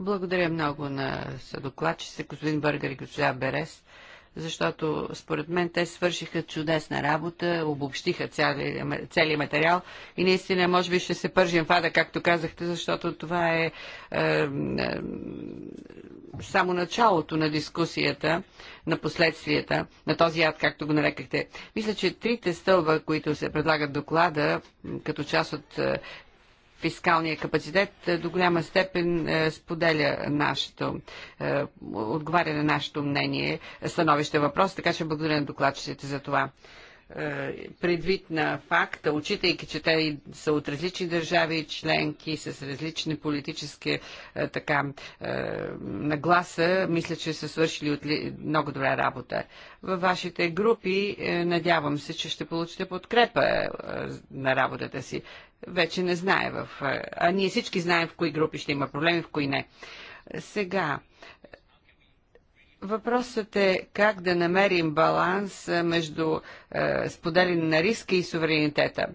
Благодаря много на съдокладчите, господин Бъргар и госпожа Берест защото според мен те свършиха чудесна работа, обобщиха целият цели материал и наистина може би ще се пържим вада, както казахте, защото това е, е, е само началото на дискусията, на последствията, на този яд, както го нарекахте. Мисля, че трите стълба, които се предлагат доклада, като част от е, фискалния капацитет е, до голяма степен е, споделя нашето, е, отговаря на нашето мнение, становище въпрос, така че благодаря на докладчиците за това. Е, предвид на факта, очитайки, че те са от различни държави членки, с различни политически е, така, е, нагласа, мисля, че са свършили от много добра работа. Във вашите групи надявам се, че ще получите подкрепа на работата си. Вече не знае в... А ние всички знаем в кои групи ще има проблеми, в кои не. Сега, Въпросът е как да намерим баланс между е, споделяне на риска и суверенитета.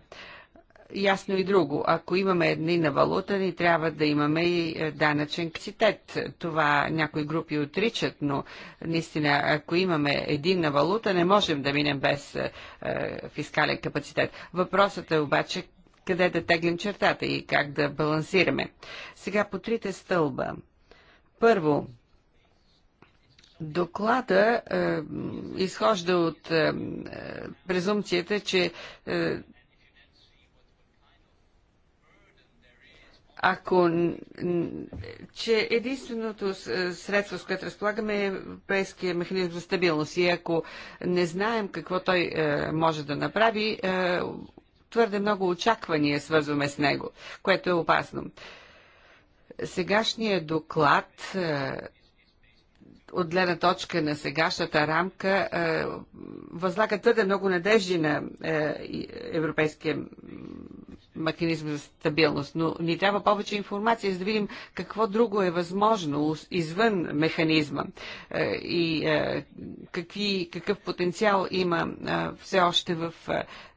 Ясно и друго. Ако имаме едни на валута, ни трябва да имаме и данъчен капацитет. Това някои групи отричат, но наистина, ако имаме един на валута, не можем да минем без е, фискален капацитет. Въпросът е обаче къде да теглим чертата и как да балансираме. Сега по трите стълба. Първо, Доклада е, изхожда от е, е презумцията, че е, ако че единственото е, средство, с което разполагаме е европейския механизъм за стабилност и ако не знаем какво той е, може да направи, е, твърде много очаквания свързваме с него, което е опасно. Сегашният доклад е, от гледна точка на сегашната рамка е, възлага твърде много надежди на е, европейския механизъм за стабилност, но ни трябва повече информация, за да видим какво друго е възможно извън механизма е, и какви, какъв потенциал има все още в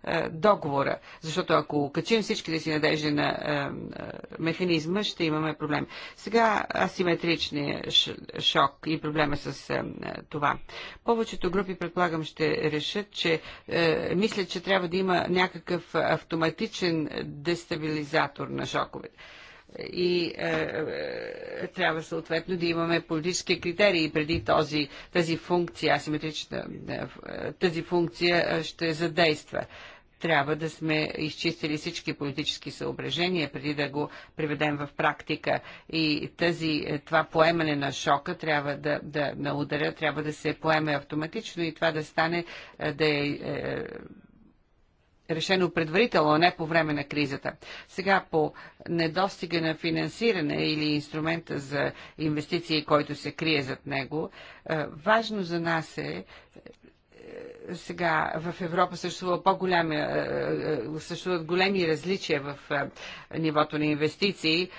е, договора. Защото ако качим всичките си надежди на е, е, механизма, ще имаме проблем. Сега асиметричният шок и проблема с това. Повечето групи, предполагам, ще решат, че мислят, че трябва да има някакъв автоматичен дестабилизатор на шоковете и е, е, трябва съответно да имаме политически критерии преди този, тази функция, асиметрична, тази функция ще задейства трябва да сме изчистили всички политически съображения преди да го приведем в практика. И тази, е, това поемане на шока трябва да, да на ударя, трябва да се поеме автоматично и това да стане е, да е, е решено предварително, а не по време на кризата. Сега по недостига на финансиране или инструмента за инвестиции, който се крие зад него, е, важно за нас е сега в Европа съществува по-голями, е, е, съществуват големи различия в е, нивото на инвестиции,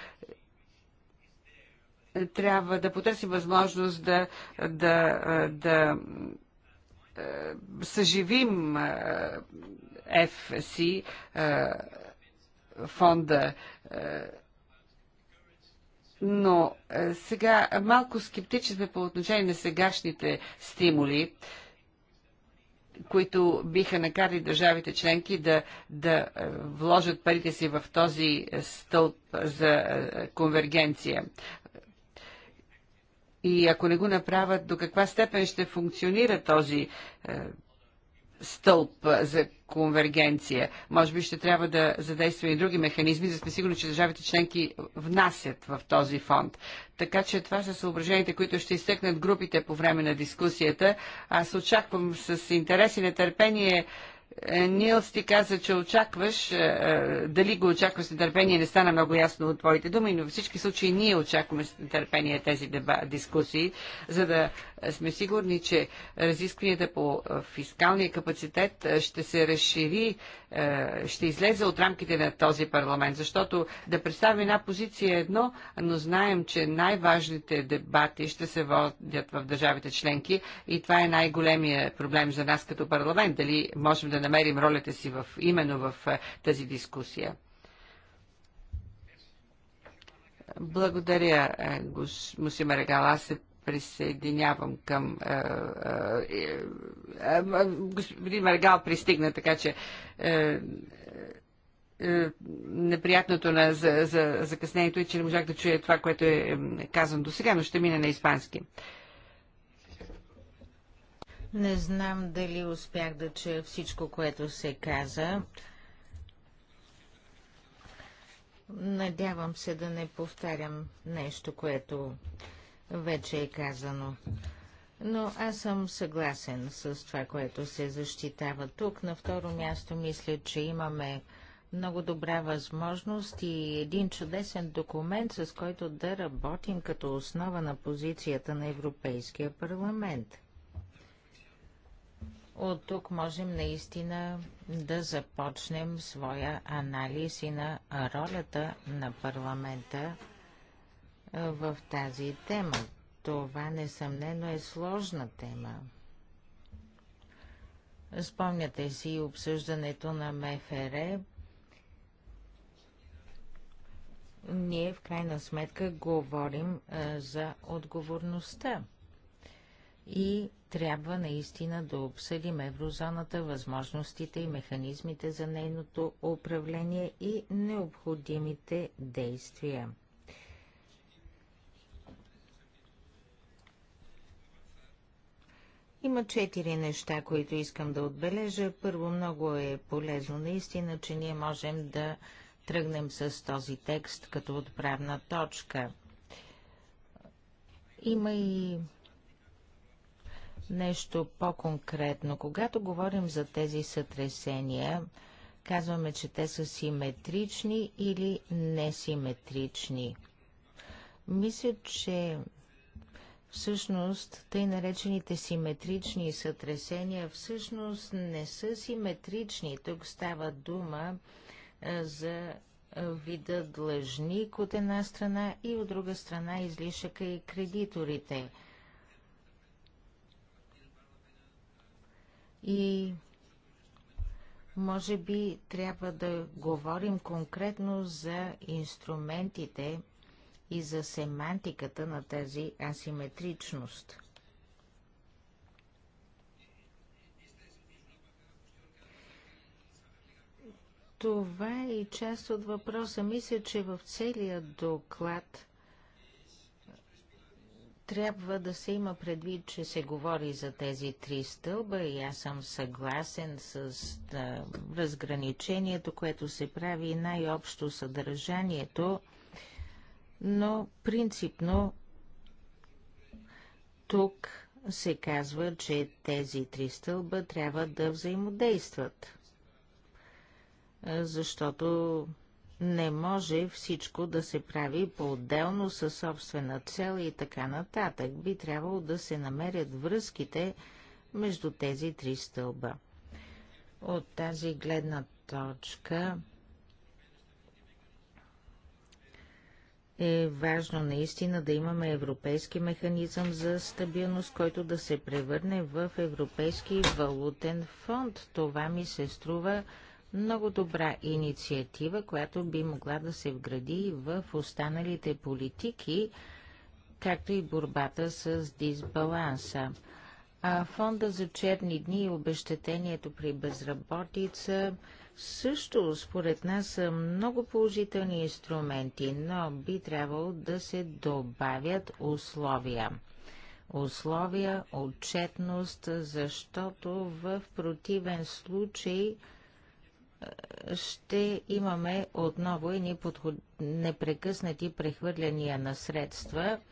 трябва да потърсим възможност да, да, да съживим FC фонда но сега малко скептични по отношение на сегашните стимули които биха накарали държавите членки да, да е, вложат парите си в този е, стълб за е, конвергенция. И ако не го направят, до каква степен ще функционира този стълб за конвергенция. Може би ще трябва да задействаме и други механизми, за да сме сигурни, че държавите членки внасят в този фонд. Така че това са съображенията, които ще изтъкнат групите по време на дискусията. Аз очаквам с интерес и нетърпение е, Нилс ти каза, че очакваш, е, е, дали го очакваш с нетърпение, не стана много ясно от твоите думи, но във всички случаи ние очакваме с нетърпение тези деба, дискусии, за да сме сигурни, че разискванията по фискалния капацитет ще се разшири е, ще излезе от рамките на този парламент, защото да представим една позиция е едно, но знаем, че най-важните дебати ще се водят в държавите членки и това е най-големия проблем за нас като парламент, дали можем да намерим ролята си в, именно в е, тази дискусия. Благодаря, е, Аз се присъединявам към... Е, е, е, господин Маргал пристигна, така че неприятното на, за, за закъснението е, че не можах да чуя това, което е казано до сега, но ще мина на испански. Не знам дали успях да чуя всичко, което се каза. Надявам се да не повтарям нещо, което вече е казано. Но аз съм съгласен с това, което се защитава тук. На второ място мисля, че имаме много добра възможност и един чудесен документ, с който да работим като основа на позицията на Европейския парламент. От тук можем наистина да започнем своя анализ и на ролята на парламента в тази тема. Това несъмнено е сложна тема. Спомняте си обсъждането на МФР. Ние в крайна сметка говорим за отговорността. И трябва наистина да обсъдим еврозоната, възможностите и механизмите за нейното управление и необходимите действия. Има четири неща, които искам да отбележа. Първо, много е полезно наистина, че ние можем да тръгнем с този текст като отправна точка. Има и нещо по-конкретно. Когато говорим за тези сътресения, казваме, че те са симетрични или несиметрични. Мисля, че Всъщност, тъй наречените симетрични сътресения всъщност не са симетрични. Тук става дума за вида длъжник от една страна и от друга страна излишъка и кредиторите. И може би трябва да говорим конкретно за инструментите, и за семантиката на тази асиметричност. Това е и част от въпроса. Мисля, че в целия доклад трябва да се има предвид, че се говори за тези три стълба и аз съм съгласен с да, разграничението, което се прави и най-общо съдържанието но принципно тук се казва, че тези три стълба трябва да взаимодействат, защото не може всичко да се прави по-отделно със собствена цел и така нататък. Би трябвало да се намерят връзките между тези три стълба. От тази гледна точка е важно наистина да имаме европейски механизъм за стабилност, който да се превърне в европейски валутен фонд. Това ми се струва много добра инициатива, която би могла да се вгради в останалите политики, както и борбата с дисбаланса. А фонда за черни дни и обещетението при безработица – също според нас са много положителни инструменти, но би трябвало да се добавят условия. Условия, отчетност, защото в противен случай е, ще имаме отново и непрекъснати прехвърляния на средства –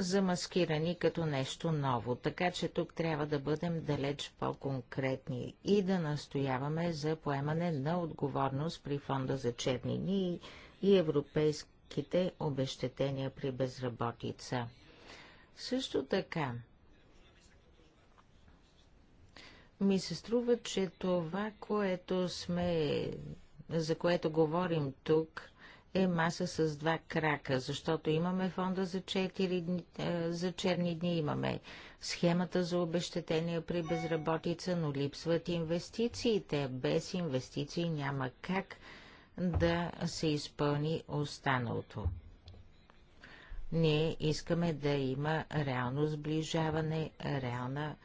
замаскирани като нещо ново, така че тук трябва да бъдем далеч по-конкретни и да настояваме за поемане на отговорност при фонда за чернини и европейските обещетения при безработица. Също така, ми се струва, че това, което сме, за което говорим тук, е маса с два крака, защото имаме фонда за, 4, е, за черни дни, имаме схемата за обещетения при безработица, но липсват инвестициите. Без инвестиции няма как да се изпълни останалото. Ние искаме да има реално сближаване, реална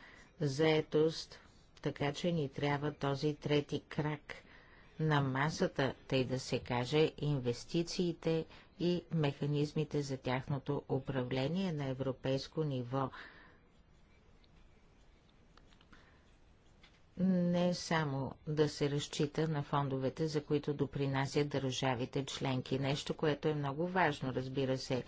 заетост, така че ни трябва този трети крак – на масата, тъй да се каже, инвестициите и механизмите за тяхното управление на европейско ниво. Не само да се разчита на фондовете, за които допринасят държавите членки. Нещо, което е много важно, разбира се.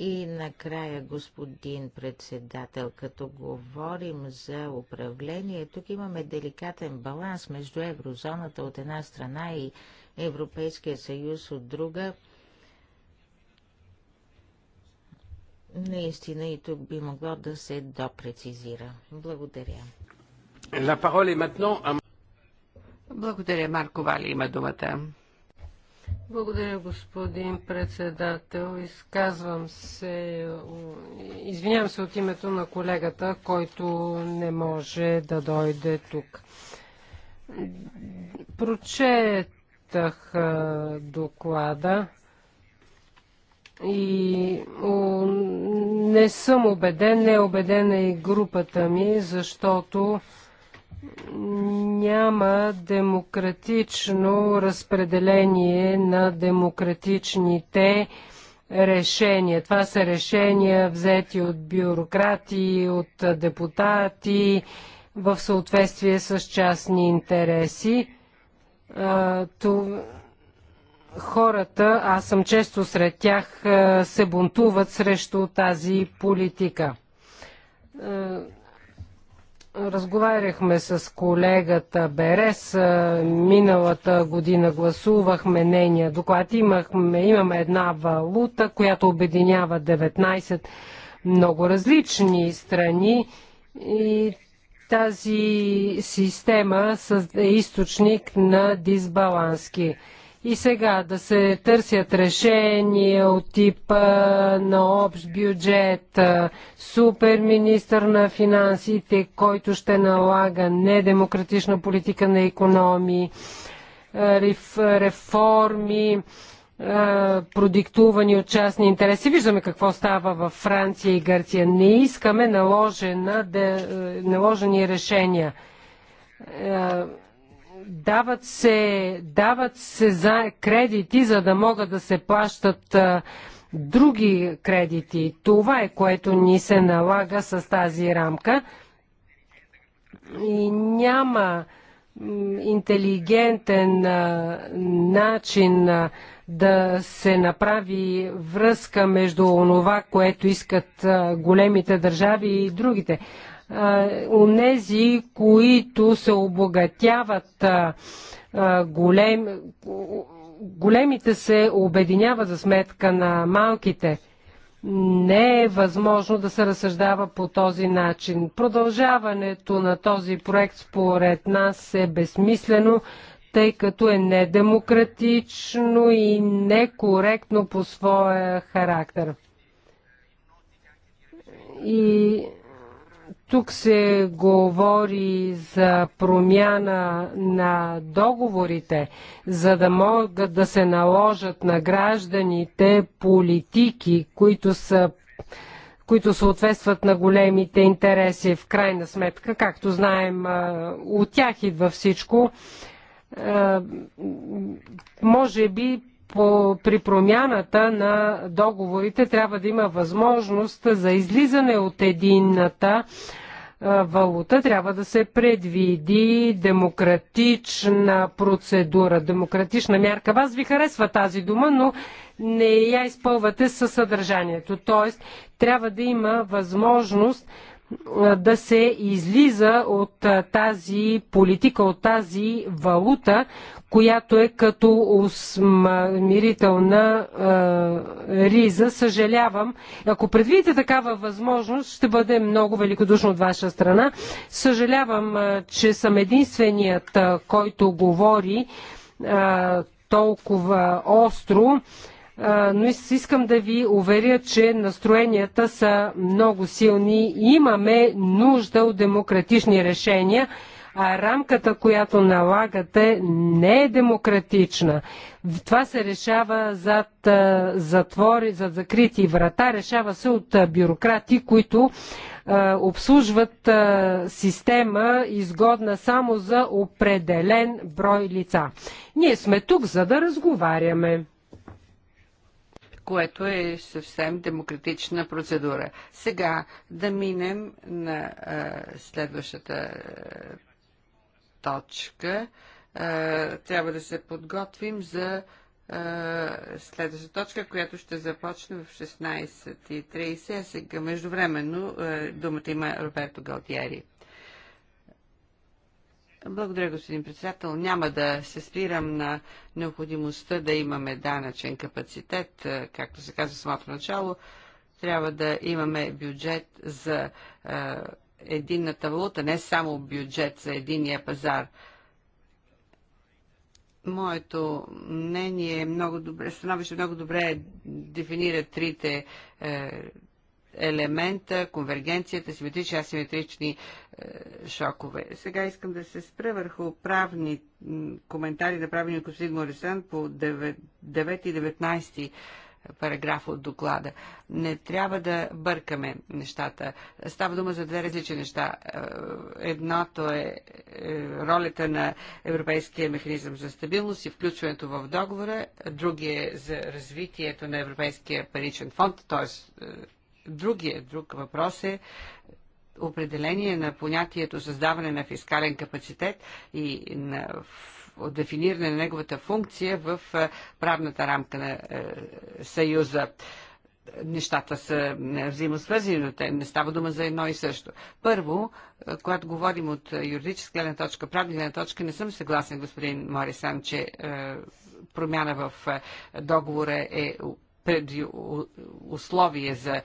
И накрая, господин председател, като говорим за управление, тук имаме деликатен баланс между еврозоната от една страна и Европейския съюз от друга. Наистина и тук би могло да се допрецизира. Благодаря. Благодаря. Марко Вали има думата. Благодаря, господин председател. Изказвам се, извинявам се от името на колегата, който не може да дойде тук. Прочетах доклада и не съм убеден, не е убедена и групата ми, защото няма демократично разпределение на демократичните решения. Това са решения взети от бюрократи, от депутати в съответствие с частни интереси. хората, аз съм често сред тях, се бунтуват срещу тази политика. Разговаряхме с колегата Берес. Миналата година гласувахме нейния доклад. Имахме, имаме една валута, която обединява 19 много различни страни и тази система е източник на дисбалански. И сега да се търсят решения от типа на общ бюджет, супер министр на финансите, който ще налага недемократична политика на економии, реформи, продиктувани от частни интереси. Виждаме какво става във Франция и Гърция. Не искаме наложена, наложени решения дават се, дават се за кредити, за да могат да се плащат а, други кредити. Това е което ни се налага с тази рамка. И няма интелигентен а, начин а, да се направи връзка между онова, което искат а, големите държави и другите онези, които се обогатяват голем, големите се обединяват за сметка на малките. Не е възможно да се разсъждава по този начин. Продължаването на този проект според нас е безсмислено, тъй като е недемократично и некоректно по своя характер. И тук се говори за промяна на договорите, за да могат да се наложат на гражданите политики, които са които съответстват на големите интереси. В крайна сметка, както знаем, от тях идва всичко. Може би по, при промяната на договорите трябва да има възможност за излизане от единната валута. Трябва да се предвиди демократична процедура, демократична мярка. Вас ви харесва тази дума, но не я изпълвате със съдържанието. Тоест, трябва да има възможност да се излиза от тази политика, от тази валута, която е като усмирителна е, риза. Съжалявам. Ако предвидите такава възможност, ще бъде много великодушно от ваша страна. Съжалявам, че съм единственият, който говори е, толкова остро. Е, но искам да ви уверя, че настроенията са много силни. Имаме нужда от демократични решения, а рамката, която налагате, не е демократична. Това се решава зад затвори, зад закрити врата, решава се от бюрократи, които обслужват система, изгодна само за определен брой лица. Ние сме тук, за да разговаряме което е съвсем демократична процедура. Сега да минем на а, следващата а, точка. А, трябва да се подготвим за следваща точка, която ще започне в 16.30. Сега междувременно думата има Роберто Галтиери. Благодаря, господин председател. Няма да се спирам на необходимостта да имаме данъчен капацитет, е, както се казва в самото начало. Трябва да имаме бюджет за е, единната валута, не само бюджет за единия пазар. Моето мнение е много добре, становище много добре дефинира трите е, елемента, конвергенцията, симетрични, асиметрични е, шокове. Сега искам да се спра върху правни коментари, направени от господин Морисън по 9, 9 и 19 е, параграф от доклада. Не трябва да бъркаме нещата. Става дума за две различни неща. Е, едното е, е ролята на Европейския механизъм за стабилност и включването в договора. Другия е за развитието на Европейския паричен фонд, т.е. Другия, друг въпрос е определение на понятието създаване на фискален капацитет и на от дефиниране на неговата функция в правната рамка на Съюза. Нещата са взаимосвързани, но те не става дума за едно и също. Първо, когато говорим от юридическа гледна точка, правна гледна точка, не съм съгласен, господин Морисан, че промяна в договора е преди условие за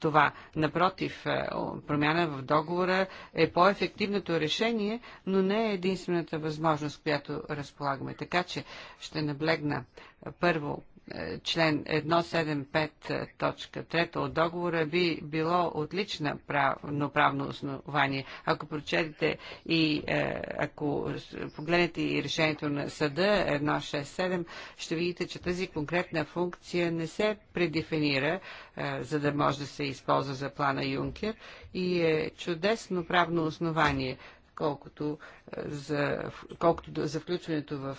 това. Напротив, е, промяна в договора е по-ефективното решение, но не е единствената възможност, която разполагаме. Така че ще наблегна е, първо е, член 175.3 от договора би било отлично правно, правно основание. Ако прочетете и е, ако погледнете и решението на съда 167, ще видите, че тази конкретна функция не се предефинира, е, за да може да се използва за плана Юнкер и е чудесно правно основание колкото за, колкото за включването в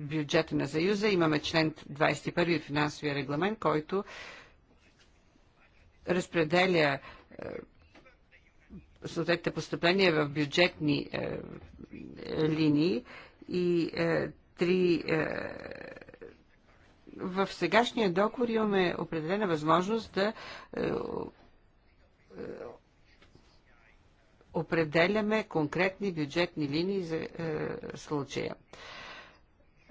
бюджета на Съюза. Имаме член 21 от финансовия регламент, който разпределя е, съответните постъпления в бюджетни е, линии и е, три. Е, в сегашния договор имаме определена възможност да е, е, определяме конкретни бюджетни линии за случая.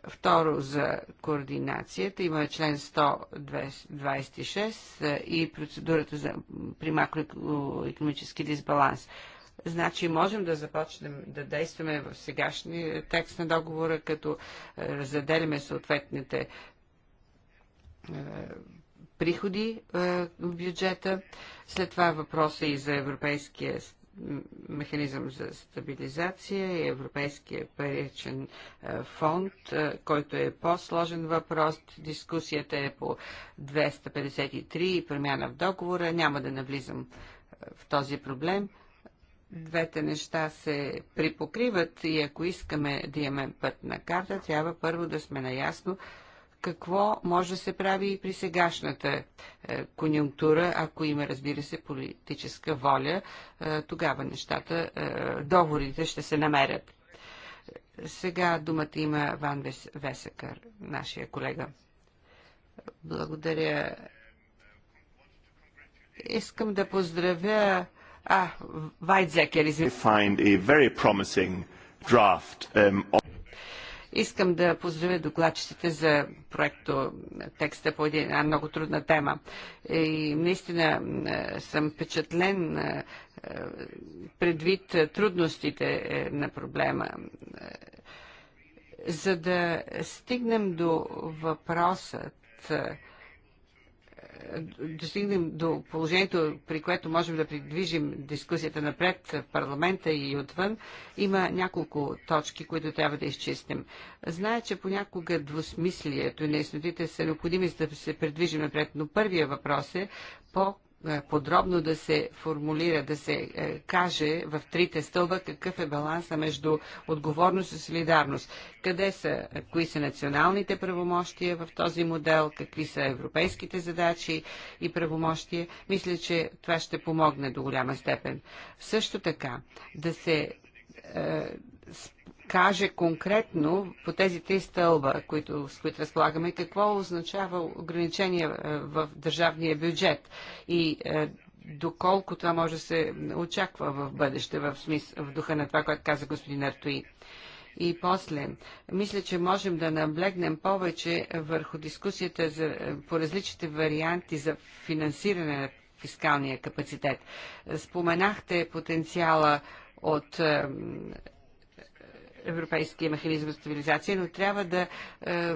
Второ за координацията. Има член 126 е, и процедурата за, при макроекономически дисбаланс. Значи можем да започнем да действаме в сегашния текст на договора, като е, разделяме съответните е, приходи в бюджета. След това въпроса и за Европейския механизъм за стабилизация, Европейския паричен е, фонд, е, който е по-сложен въпрос. Дискусията е по 253 и промяна в договора. Няма да навлизам е, в този проблем. Двете неща се припокриват и ако искаме да имаме път на карта, трябва първо да сме наясно, какво може да се прави и при сегашната е, конюнктура, ако има, разбира се, политическа воля, е, тогава нещата, е, договорите ще се намерят. Сега думата има Ван Весекър, нашия колега. Благодаря. Искам да поздравя... А, Вайдзекер, извинявам. Искам да поздравя докладчиците за проекто текста по една много трудна тема. И наистина е, съм впечатлен е, е, предвид трудностите на проблема. За да стигнем до въпросът, достигнем до положението, при което можем да придвижим дискусията напред в парламента и отвън, има няколко точки, които трябва да изчистим. Зная, че понякога двусмислието и неяснотите са необходими, за да се придвижим напред, но първия въпрос е по е, подробно да се формулира, да се е, каже в трите стълба какъв е баланса между отговорност и солидарност. Къде са, е, кои са националните правомощия в този модел, какви са европейските задачи и правомощия. Мисля, че това ще помогне до голяма степен. Също така, да се каже конкретно по тези три стълба, които, с които разполагаме, какво означава ограничение е, в държавния бюджет и е, доколко това може да се очаква в бъдеще, в, смис, в духа на това, което каза господин Артуи. И после, мисля, че можем да наблегнем повече върху дискусията за, е, по различните варианти за финансиране на фискалния капацитет. Споменахте потенциала от Европейския механизъм за стабилизация, но трябва да е,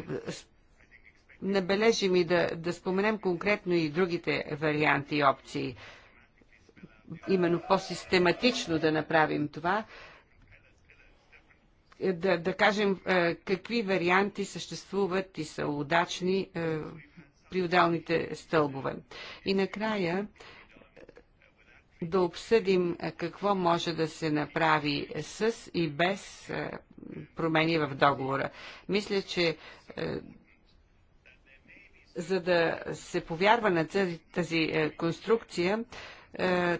набележим и да, да споменем конкретно и другите варианти и опции. Именно по-систематично да направим това, е, да, да кажем е, какви варианти съществуват и са удачни е, при отделните стълбове. И накрая, е, да обсъдим е, какво може да се направи с и без е, промени в договора. Мисля, че е, за да се повярва на тази, конструкция,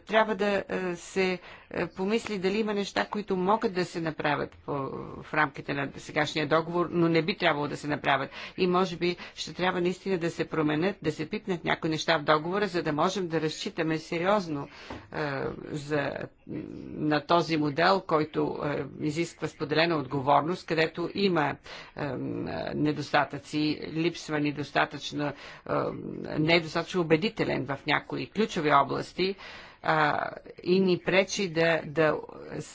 трябва да се е, помисли дали има неща, които могат да се направят по, в рамките на сегашния договор, но не би трябвало да се направят. И може би ще трябва наистина да се променят, да се пипнат някои неща в договора, за да можем да разчитаме сериозно е, за, на този модел, който е, изисква споделена отговорност, където има е, недостатъци, липсва недостатъчно, е, недостатъчно убедителен в някои ключови области а, и ни пречи да, да,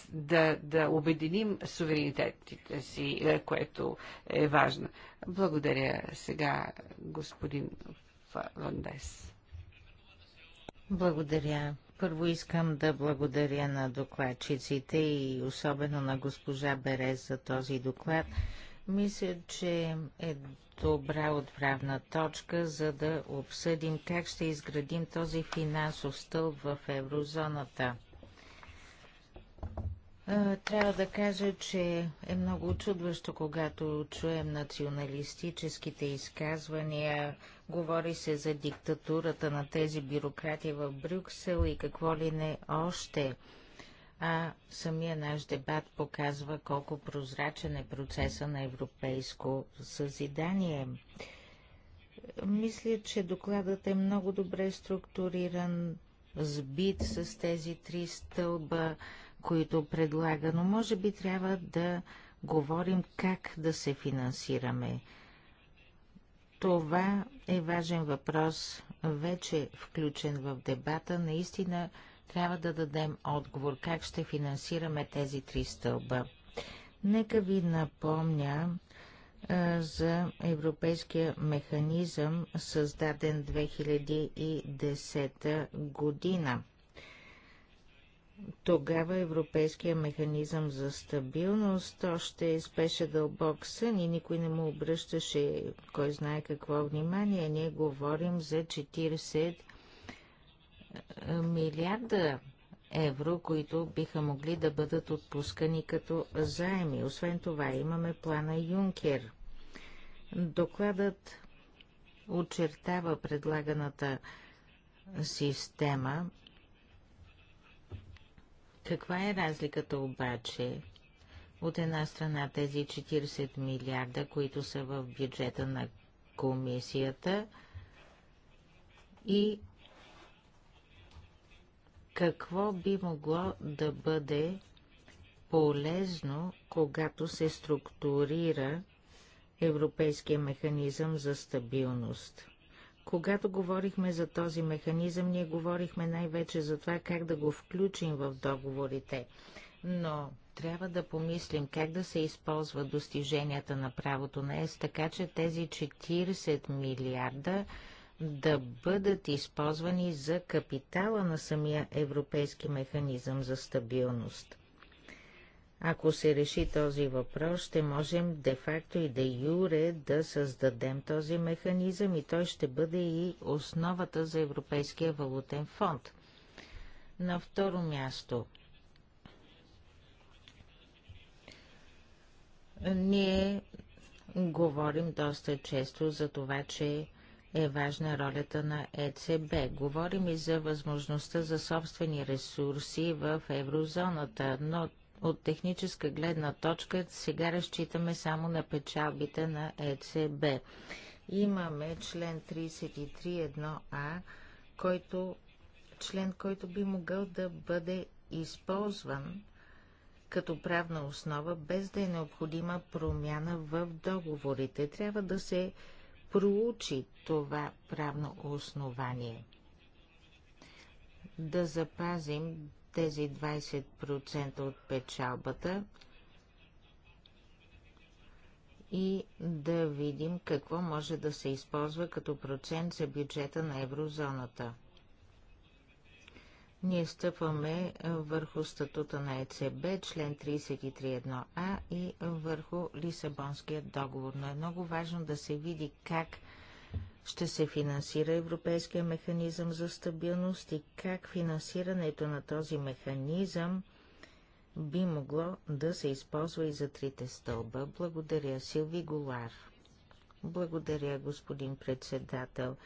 да, да обединим суверенитетите си, е, което е важно. Благодаря сега, господин Вандес. Благодаря. Първо искам да благодаря на докладчиците и особено на госпожа Берез за този доклад. Мисля, че е добра отправна точка, за да обсъдим как ще изградим този финансов стълб в еврозоната. Трябва да кажа, че е много чудващо, когато чуем националистическите изказвания. Говори се за диктатурата на тези бюрократи в Брюксел и какво ли не още а самия наш дебат показва колко прозрачен е процеса на европейско съзидание. Мисля, че докладът е много добре структуриран, сбит с тези три стълба, които предлага, но може би трябва да говорим как да се финансираме. Това е важен въпрос, вече включен в дебата. Наистина трябва да дадем отговор как ще финансираме тези три стълба. Нека ви напомня за европейския механизъм, създаден 2010 година. Тогава Европейския механизъм за стабилност още е спеше дълбок сън и никой не му обръщаше, кой знае какво внимание. Ние говорим за 40 милиарда евро, които биха могли да бъдат отпускани като заеми. Освен това имаме плана Юнкер. Докладът очертава предлаганата система. Каква е разликата обаче? От една страна тези 40 милиарда, които са в бюджета на комисията и какво би могло да бъде полезно, когато се структурира Европейския механизъм за стабилност. Когато говорихме за този механизъм, ние говорихме най-вече за това как да го включим в договорите, но трябва да помислим как да се използват достиженията на правото на ЕС, така че тези 40 милиарда да бъдат използвани за капитала на самия европейски механизъм за стабилност. Ако се реши този въпрос, ще можем де-факто и де-юре да създадем този механизъм и той ще бъде и основата за Европейския валутен фонд. На второ място, ние говорим доста често за това, че е важна ролята на ЕЦБ. Говорим и за възможността за собствени ресурси в еврозоната, но от техническа гледна точка сега разчитаме само на печалбите на ЕЦБ. Имаме член 33.1а, който, член, който би могъл да бъде използван като правна основа, без да е необходима промяна в договорите. Трябва да се проучи това правно основание. Да запазим тези 20% от печалбата и да видим какво може да се използва като процент за бюджета на еврозоната. Ние стъпваме върху статута на ЕЦБ, член 33.1а и върху Лисабонския договор. Но е много важно да се види как ще се финансира Европейския механизъм за стабилност и как финансирането на този механизъм би могло да се използва и за трите стълба. Благодаря, Силви Голар. Благодаря, господин председател.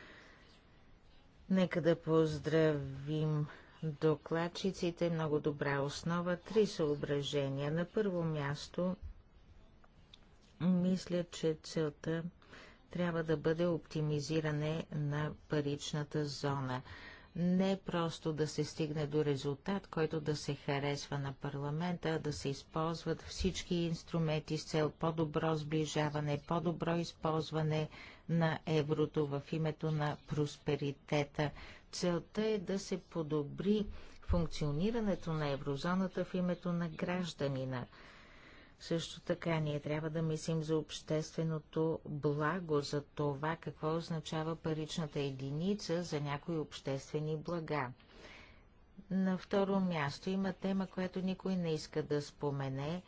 Нека да поздравим докладчиците. Много добра основа. Три съображения. На първо място, мисля, че целта трябва да бъде оптимизиране на паричната зона. Не просто да се стигне до резултат, който да се харесва на парламента, а да се използват всички инструменти с цел по-добро сближаване, по-добро използване на еврото в името на просперитета. Целта е да се подобри функционирането на еврозоната в името на гражданина. Също така ние трябва да мислим за общественото благо, за това какво означава паричната единица за някои обществени блага. На второ място има тема, която никой не иска да спомене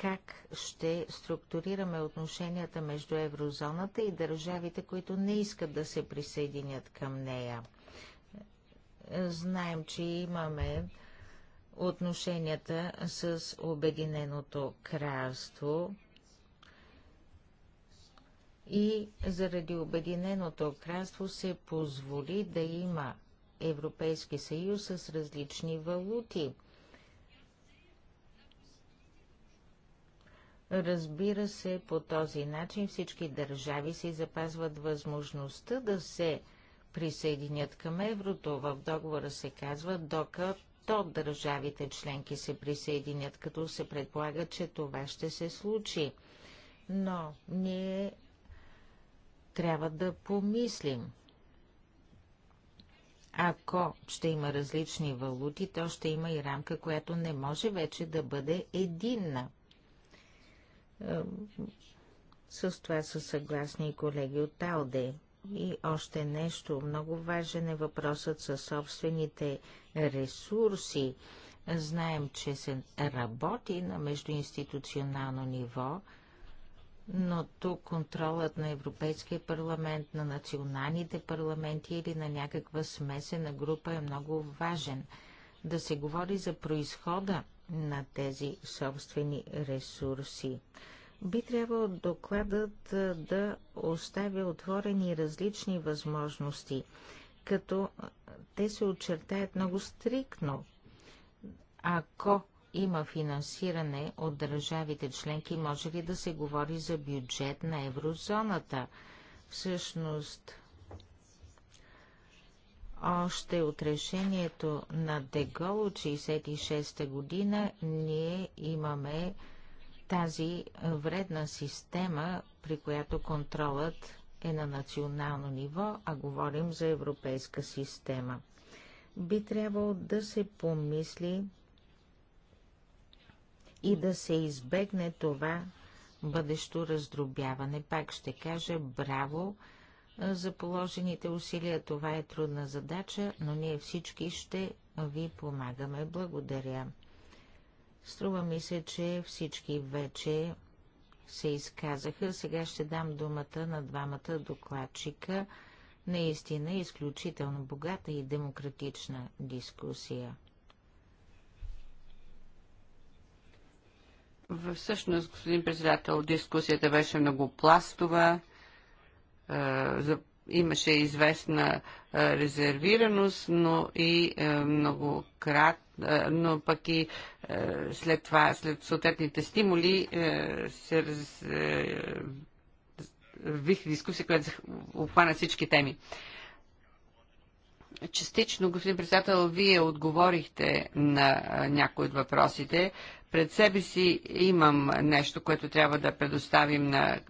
как ще структурираме отношенията между еврозоната и държавите, които не искат да се присъединят към нея. Знаем, че имаме отношенията с Обединеното кралство и заради Обединеното кралство се позволи да има Европейски съюз с различни валути – Разбира се, по този начин всички държави си запазват възможността да се присъединят към еврото. В договора се казва, докато държавите членки се присъединят, като се предполага, че това ще се случи. Но ние трябва да помислим. Ако ще има различни валути, то ще има и рамка, която не може вече да бъде единна. Е, с това са съгласни и колеги от Алде. И още нещо, много важен е въпросът със собствените ресурси. Знаем, че се работи на междуинституционално ниво, но тук контролът на Европейския парламент, на националните парламенти или на някаква смесена група е много важен. Да се говори за происхода на тези собствени ресурси. Би трябвало докладът да оставя отворени различни възможности, като те се очертаят много стрикно. Ако има финансиране от държавите членки, може ли да се говори за бюджет на еврозоната? Всъщност, още от решението на Дегол от та година ние имаме тази вредна система, при която контролът е на национално ниво, а говорим за европейска система. Би трябвало да се помисли и да се избегне това бъдещо раздробяване. Пак ще кажа браво за положените усилия. Това е трудна задача, но ние всички ще ви помагаме. Благодаря. Струва ми се, че всички вече се изказаха. Сега ще дам думата на двамата докладчика. Наистина е изключително богата и демократична дискусия. Всъщност, господин председател, дискусията беше многопластова за имаше известна резервираност, но и многократ, но пък и след това, след съответните стимули се раз... вих дискусия, която обхвана всички теми. Частично, господин председател, вие отговорихте на някои от въпросите. Пред себе си имам нещо, което трябва да предоставим на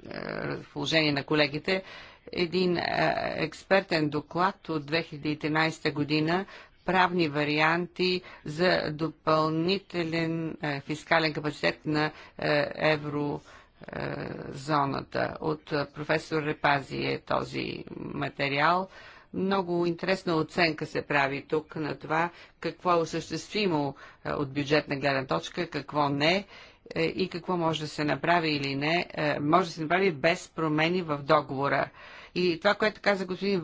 разположение на колегите един е, експертен доклад от 2013 година, правни варианти за допълнителен е, фискален капацитет на е, еврозоната. От професор Репази е този материал. Много интересна оценка се прави тук на това какво е осъществимо от бюджетна гледна точка, какво не и какво може да се направи или не, може да се направи без промени в договора. И това, което каза господин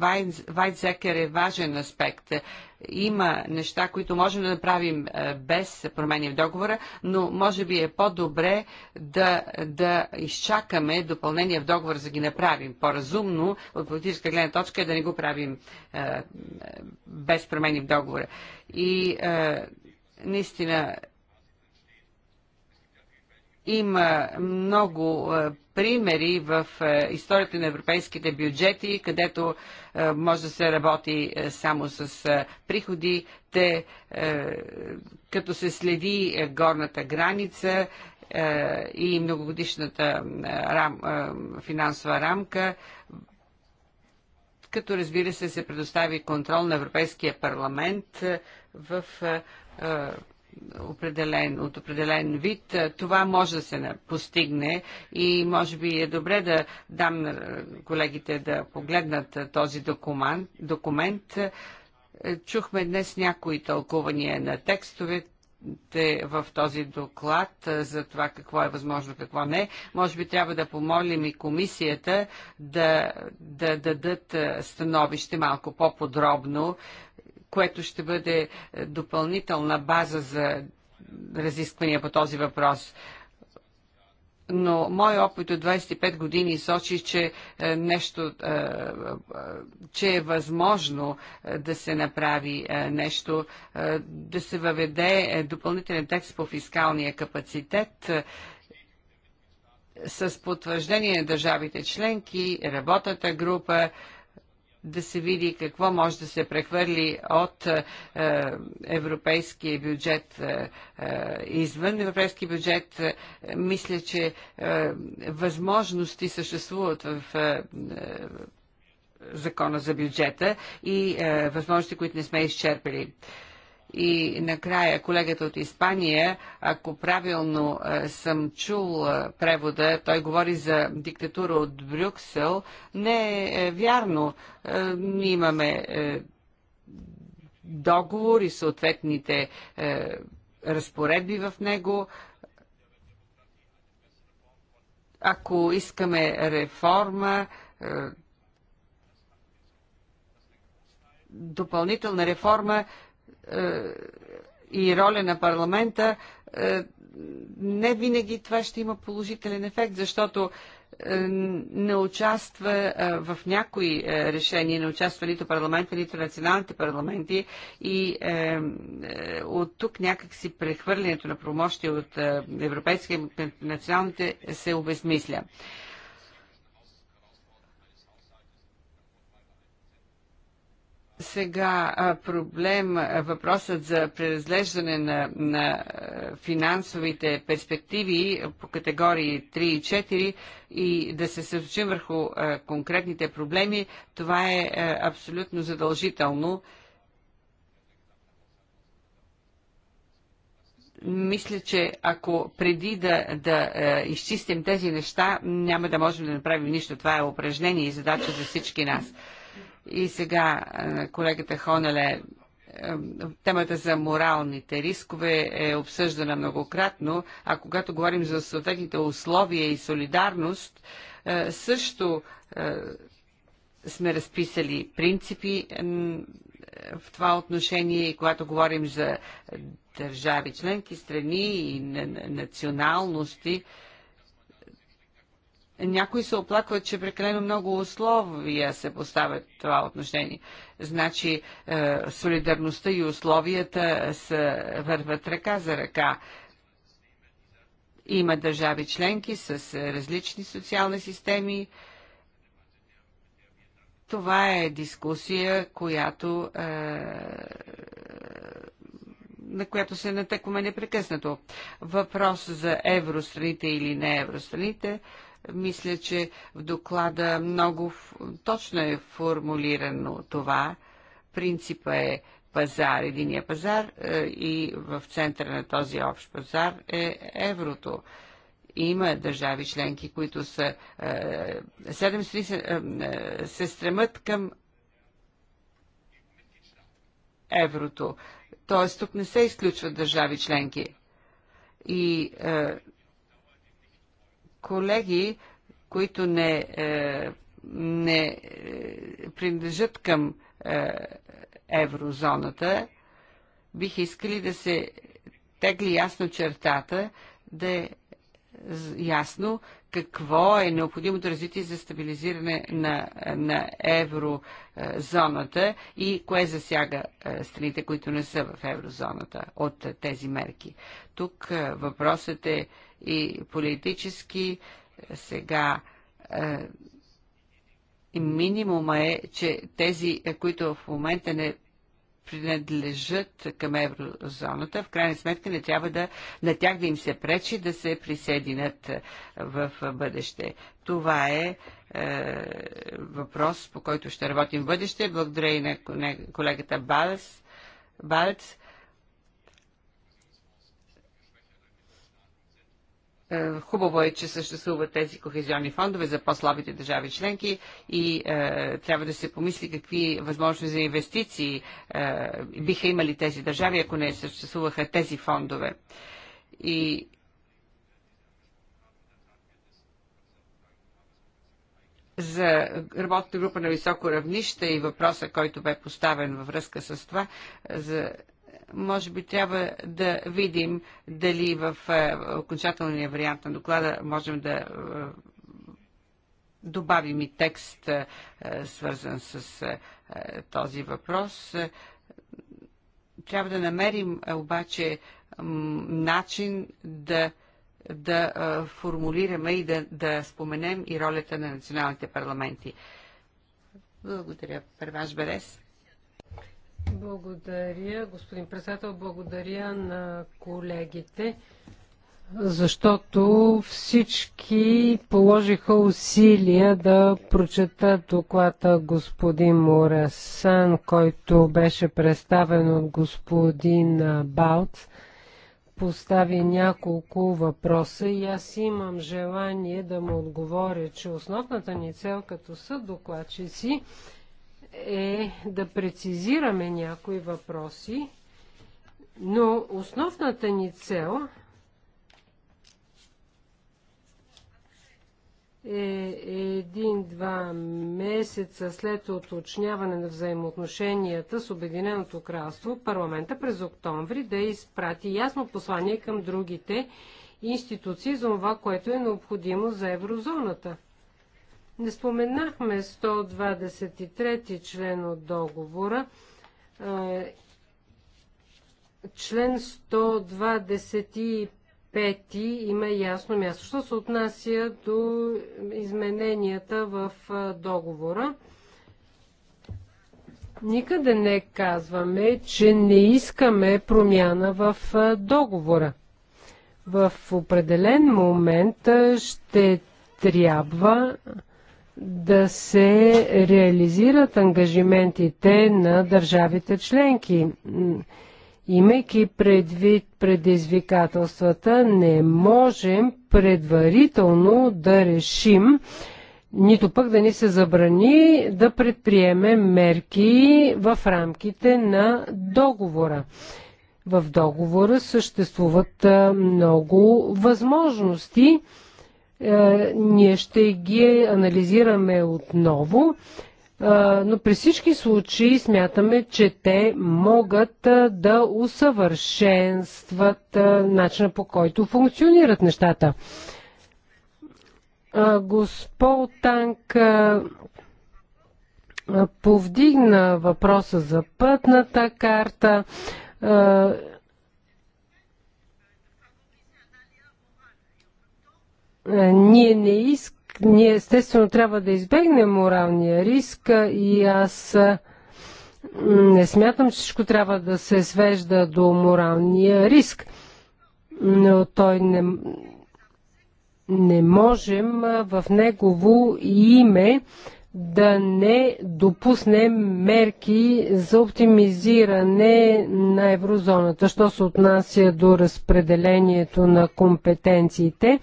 Вайдзекер е важен аспект. Има неща, които можем да направим е, без промени в договора, но може би е по-добре да, да изчакаме допълнение в договора, за да ги направим. По-разумно от политическа гледна точка е да не го правим е, е, без промени в договора. И наистина има много е, примери в е, историята на европейските бюджети, където е, може да се работи само с приходи, те, като се следи горната граница и многогодишната рам, финансова рамка, като разбира се се предостави контрол на Европейския парламент в определен, от определен вид, това може да се постигне и може би е добре да дам на колегите да погледнат този документ. документ. Чухме днес някои тълкувания на текстове, в този доклад за това какво е възможно, какво не. Може би трябва да помолим и комисията да, да дадат становище малко по-подробно което ще бъде е, допълнителна база за разисквания по този въпрос но мой опит от 25 години сочи, че е, нещо, е, че е възможно да се направи нещо, да се въведе допълнителен текст по фискалния капацитет с потвърждение на държавите членки, работната група, да се види какво може да се прехвърли от е, европейския бюджет е, е, извън Европейския бюджет. мисля, че възможности съществуват в закона за бюджета и възможности, които не сме изчерпили. И накрая колегата от Испания, ако правилно е, съм чул е, превода, той говори за диктатура от Брюксел. Не е, е вярно. Ние имаме договор и съответните разпоредби в него ако искаме реформа, допълнителна реформа, е, и роля на парламента, е, не винаги това ще има положителен ефект, защото е, не участва в някои решения, не участва нито парламента, нито националните парламенти и от тук някак си прехвърлянето на промощи от европейския националните се обезмисля. Сега проблем, въпросът за преразглеждане на, на финансовите перспективи по категории 3 и 4 и да се съсочим върху конкретните проблеми, това е абсолютно задължително. мисля, че ако преди да, да е, изчистим тези неща, няма да можем да направим нищо. Това е упражнение и задача за всички нас. И сега е, колегата Хонеле, е, темата за моралните рискове е обсъждана многократно, а когато говорим за съответните условия и солидарност, е, също сме разписали принципи в това отношение и когато говорим за държави членки, страни и националности, някои се оплакват, че прекалено много условия се поставят в това отношение. Значи е, солидарността и условията са, върват ръка за ръка. Има държави членки с е, различни социални системи. Това е дискусия, която, е, на която се натъкваме непрекъснато. Въпрос за евространите или не евространите. Е, мисля, че в доклада много точно е формулирано това. Принципа е пазар, единия пазар е, и в центъра на този общ пазар е еврото. Има държави членки, които са е, седем се, е, се стремат към еврото. Т.е. тук не се изключват държави членки. И колеги, които не, е, не е, принадлежат към е, еврозоната, бих искали да се тегли ясно чертата, да е ясно какво е необходимото развитие за стабилизиране на, на еврозоната и кое засяга страните, които не са в еврозоната от тези мерки. Тук въпросът е и политически. Сега е, минимума е, че тези, които в момента не принадлежат към еврозоната, в крайна сметка не трябва да на тях да им се пречи да се присъединят в бъдеще. Това е, е въпрос, по който ще работим в бъдеще. Благодаря и на колегата Балец. Балец Е, хубаво е, че съществуват тези кохезионни фондове за по-слабите държави членки и е, трябва да се помисли какви възможности за инвестиции е, биха имали тези държави, ако не съществуваха тези фондове. И за работната група на високо равнище и въпроса, който бе поставен във връзка с това, за може би трябва да видим дали в е, окончателния вариант на доклада можем да е, добавим и текст, е, свързан с този въпрос. Трябва да намерим обаче начин да, да формулираме и да, да споменем и ролята на националните парламенти. Благодаря, Първаш Берес. Благодаря, господин председател. Благодаря на колегите, защото всички положиха усилия да прочетат доклада господин Морасан, който беше представен от господин Балц. Постави няколко въпроса и аз имам желание да му отговоря, че основната ни цел като съдокладчици докладчици е да прецизираме някои въпроси, но основната ни цел е един-два месеца след оточняване на взаимоотношенията с Обединеното кралство, парламента през октомври да изпрати ясно послание към другите институции за това, което е необходимо за еврозоната – не споменахме 123 член от договора. Е, член 125 има ясно място. Що се отнася до измененията в е, договора? Никъде не казваме, че не искаме промяна в е, договора. В определен момент ще трябва да се реализират ангажиментите на държавите членки. Имайки предвид предизвикателствата, не можем предварително да решим, нито пък да ни се забрани да предприеме мерки в рамките на договора. В договора съществуват много възможности е, ние ще ги анализираме отново, е, но при всички случаи смятаме, че те могат е, да усъвършенстват начина по който функционират нещата. Господ Танк повдигна въпроса за пътната карта Е, ние не иск, ние естествено трябва да избегнем моралния риск и аз не смятам, че всичко трябва да се свежда до моралния риск. Но той не, не можем в негово име да не допуснем мерки за оптимизиране на еврозоната, що се отнася до разпределението на компетенциите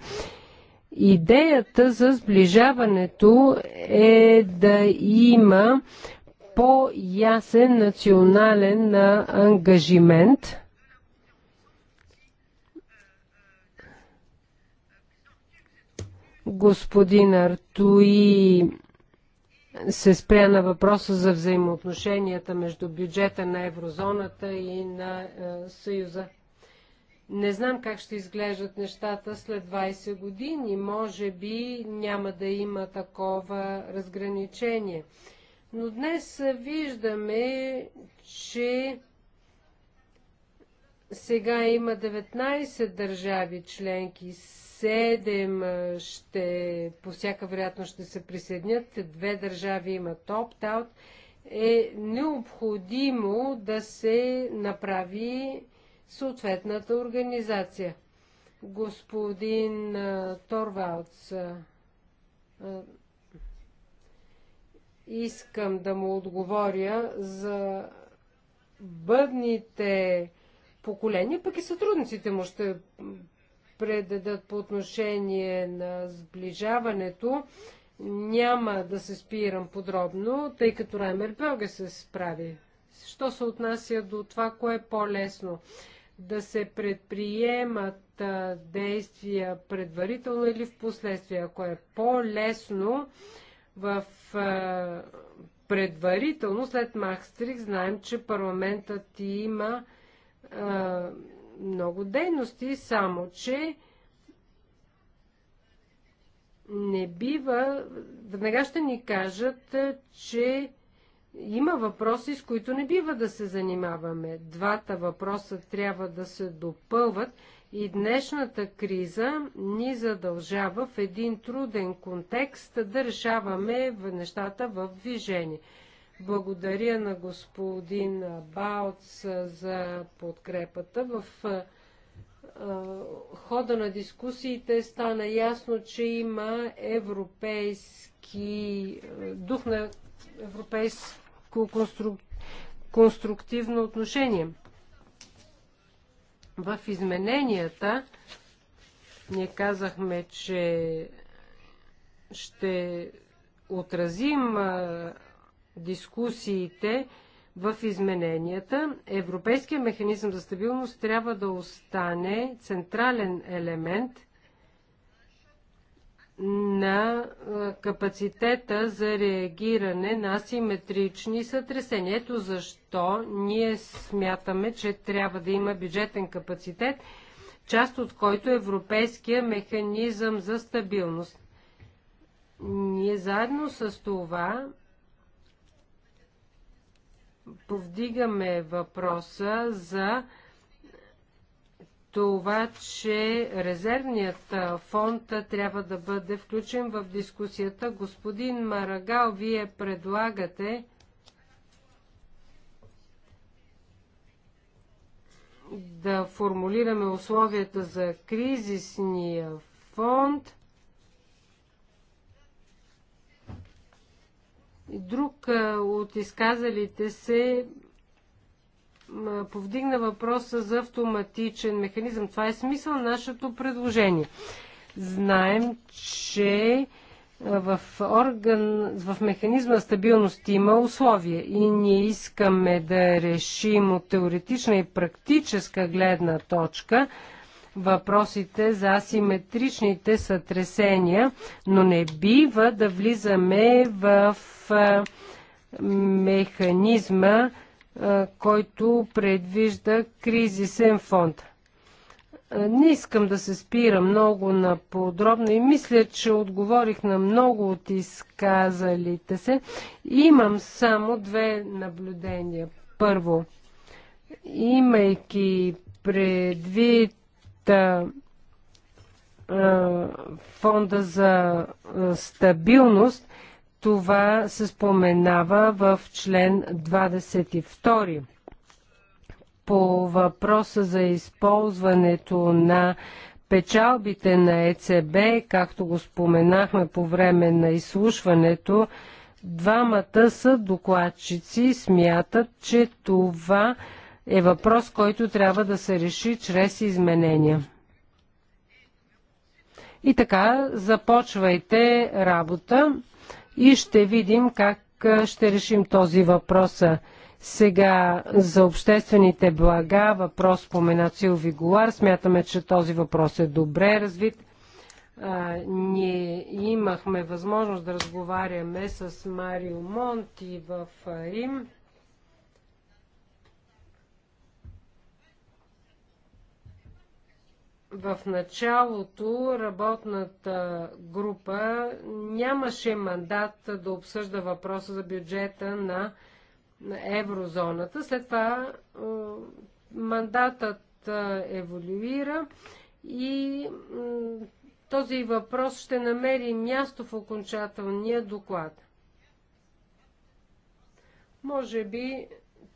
Идеята за сближаването е да има по-ясен национален ангажимент – господин Артуи се спря на въпроса за взаимоотношенията между бюджета на еврозоната и на е, Съюза. Не знам как ще изглеждат нещата след 20 години. Може би няма да има такова разграничение. Но днес виждаме, че сега има 19 държави членки, 7 ще, по всяка вероятност ще се присъединят, две държави имат опт-аут, е необходимо да се направи съответната организация. Господин Торвалц, искам да му отговоря за бъдните поколения, пък и сътрудниците му ще предадат по отношение на сближаването. Няма да се спирам подробно, тъй като Раймер Белга се справи. Що се отнася до това, кое е по-лесно? да се предприемат действия предварително или в последствие. Ако е по-лесно в предварително, след Махстрих, знаем, че парламентът има а, много дейности, само че не бива, веднага ще ни кажат, че има въпроси, с които не бива да се занимаваме. Двата въпроса трябва да се допълват и днешната криза ни задължава в един труден контекст да решаваме нещата в движение. Благодаря на господин Баоц за подкрепата. В хода на дискусиите стана ясно, че има европейски дух на европейски конструк... конструктивно отношение. В измененията ние казахме, че ще отразим дискусиите в измененията. Европейския механизъм за стабилност трябва да остане централен елемент – на капацитета за реагиране на асиметрични сътресения. Ето защо ние смятаме, че трябва да има бюджетен капацитет, част от който е Европейския механизъм за стабилност. Ние заедно с това повдигаме въпроса за това, че резервният фонд трябва да бъде включен в дискусията. Господин Марагал, вие предлагате да формулираме условията за кризисния фонд. Друг от изказалите се повдигна въпроса за автоматичен механизъм. Това е смисъл на нашето предложение. Знаем, че в, орган, в механизма стабилност има условия и ние искаме да решим от теоретична и практическа гледна точка въпросите за асиметричните сътресения, но не бива да влизаме в механизма който предвижда кризисен фонд. Не искам да се спира много на подробно и мисля, че отговорих на много от изказалите се. Имам само две наблюдения. Първо, имайки предвид а, фонда за стабилност, това се споменава в член 22. По въпроса за използването на печалбите на ЕЦБ, както го споменахме по време на изслушването, двамата са докладчици смятат, че това е въпрос, който трябва да се реши чрез изменения. И така, започвайте работа и ще видим как ще решим този въпрос. Сега за обществените блага, въпрос спомена Силви Голар. Смятаме, че този въпрос е добре развит. А, ние имахме възможност да разговаряме с Марио Монти в Рим. в началото работната група нямаше мандат да обсъжда въпроса за бюджета на еврозоната. След това е, мандатът е, еволюира и този въпрос ще намери място в окончателния доклад. Може би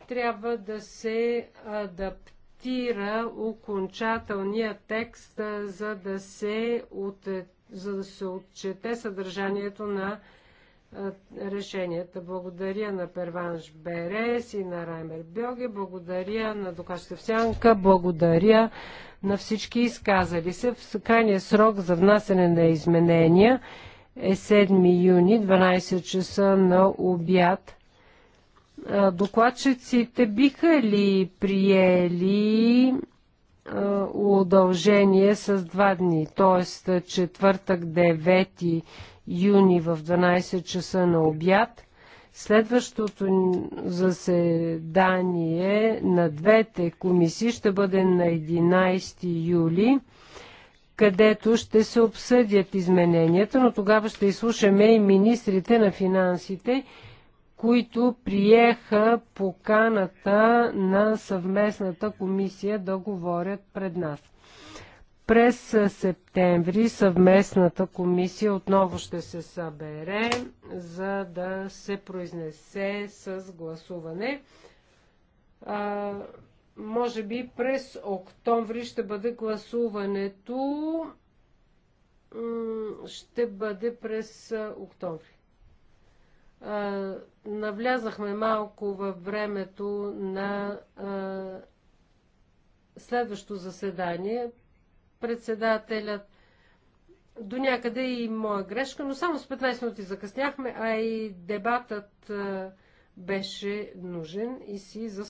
трябва да се адаптира редактира окончателния текст, за да се, от, за да се отчете съдържанието на решенията. Благодаря на Перванш Берес и на Раймер Бьоге, благодаря на Докашка Сянка, благодаря на всички изказали се. В крайния срок за внасене на изменения е 7 юни, 12 часа на обяд докладчиците биха ли приели удължение с два дни, т.е. четвъртък 9 юни в 12 часа на обяд. Следващото заседание на двете комисии ще бъде на 11 юли, където ще се обсъдят измененията, но тогава ще изслушаме и министрите на финансите които приеха поканата на съвместната комисия да говорят пред нас. През септември съвместната комисия отново ще се събере, за да се произнесе с гласуване. А, може би през октомври ще бъде гласуването. Ще бъде през октомври а, навлязахме малко във времето на а, следващото заседание. Председателят до някъде и моя грешка, но само с 15 минути закъсняхме, а и дебатът а, беше нужен и си за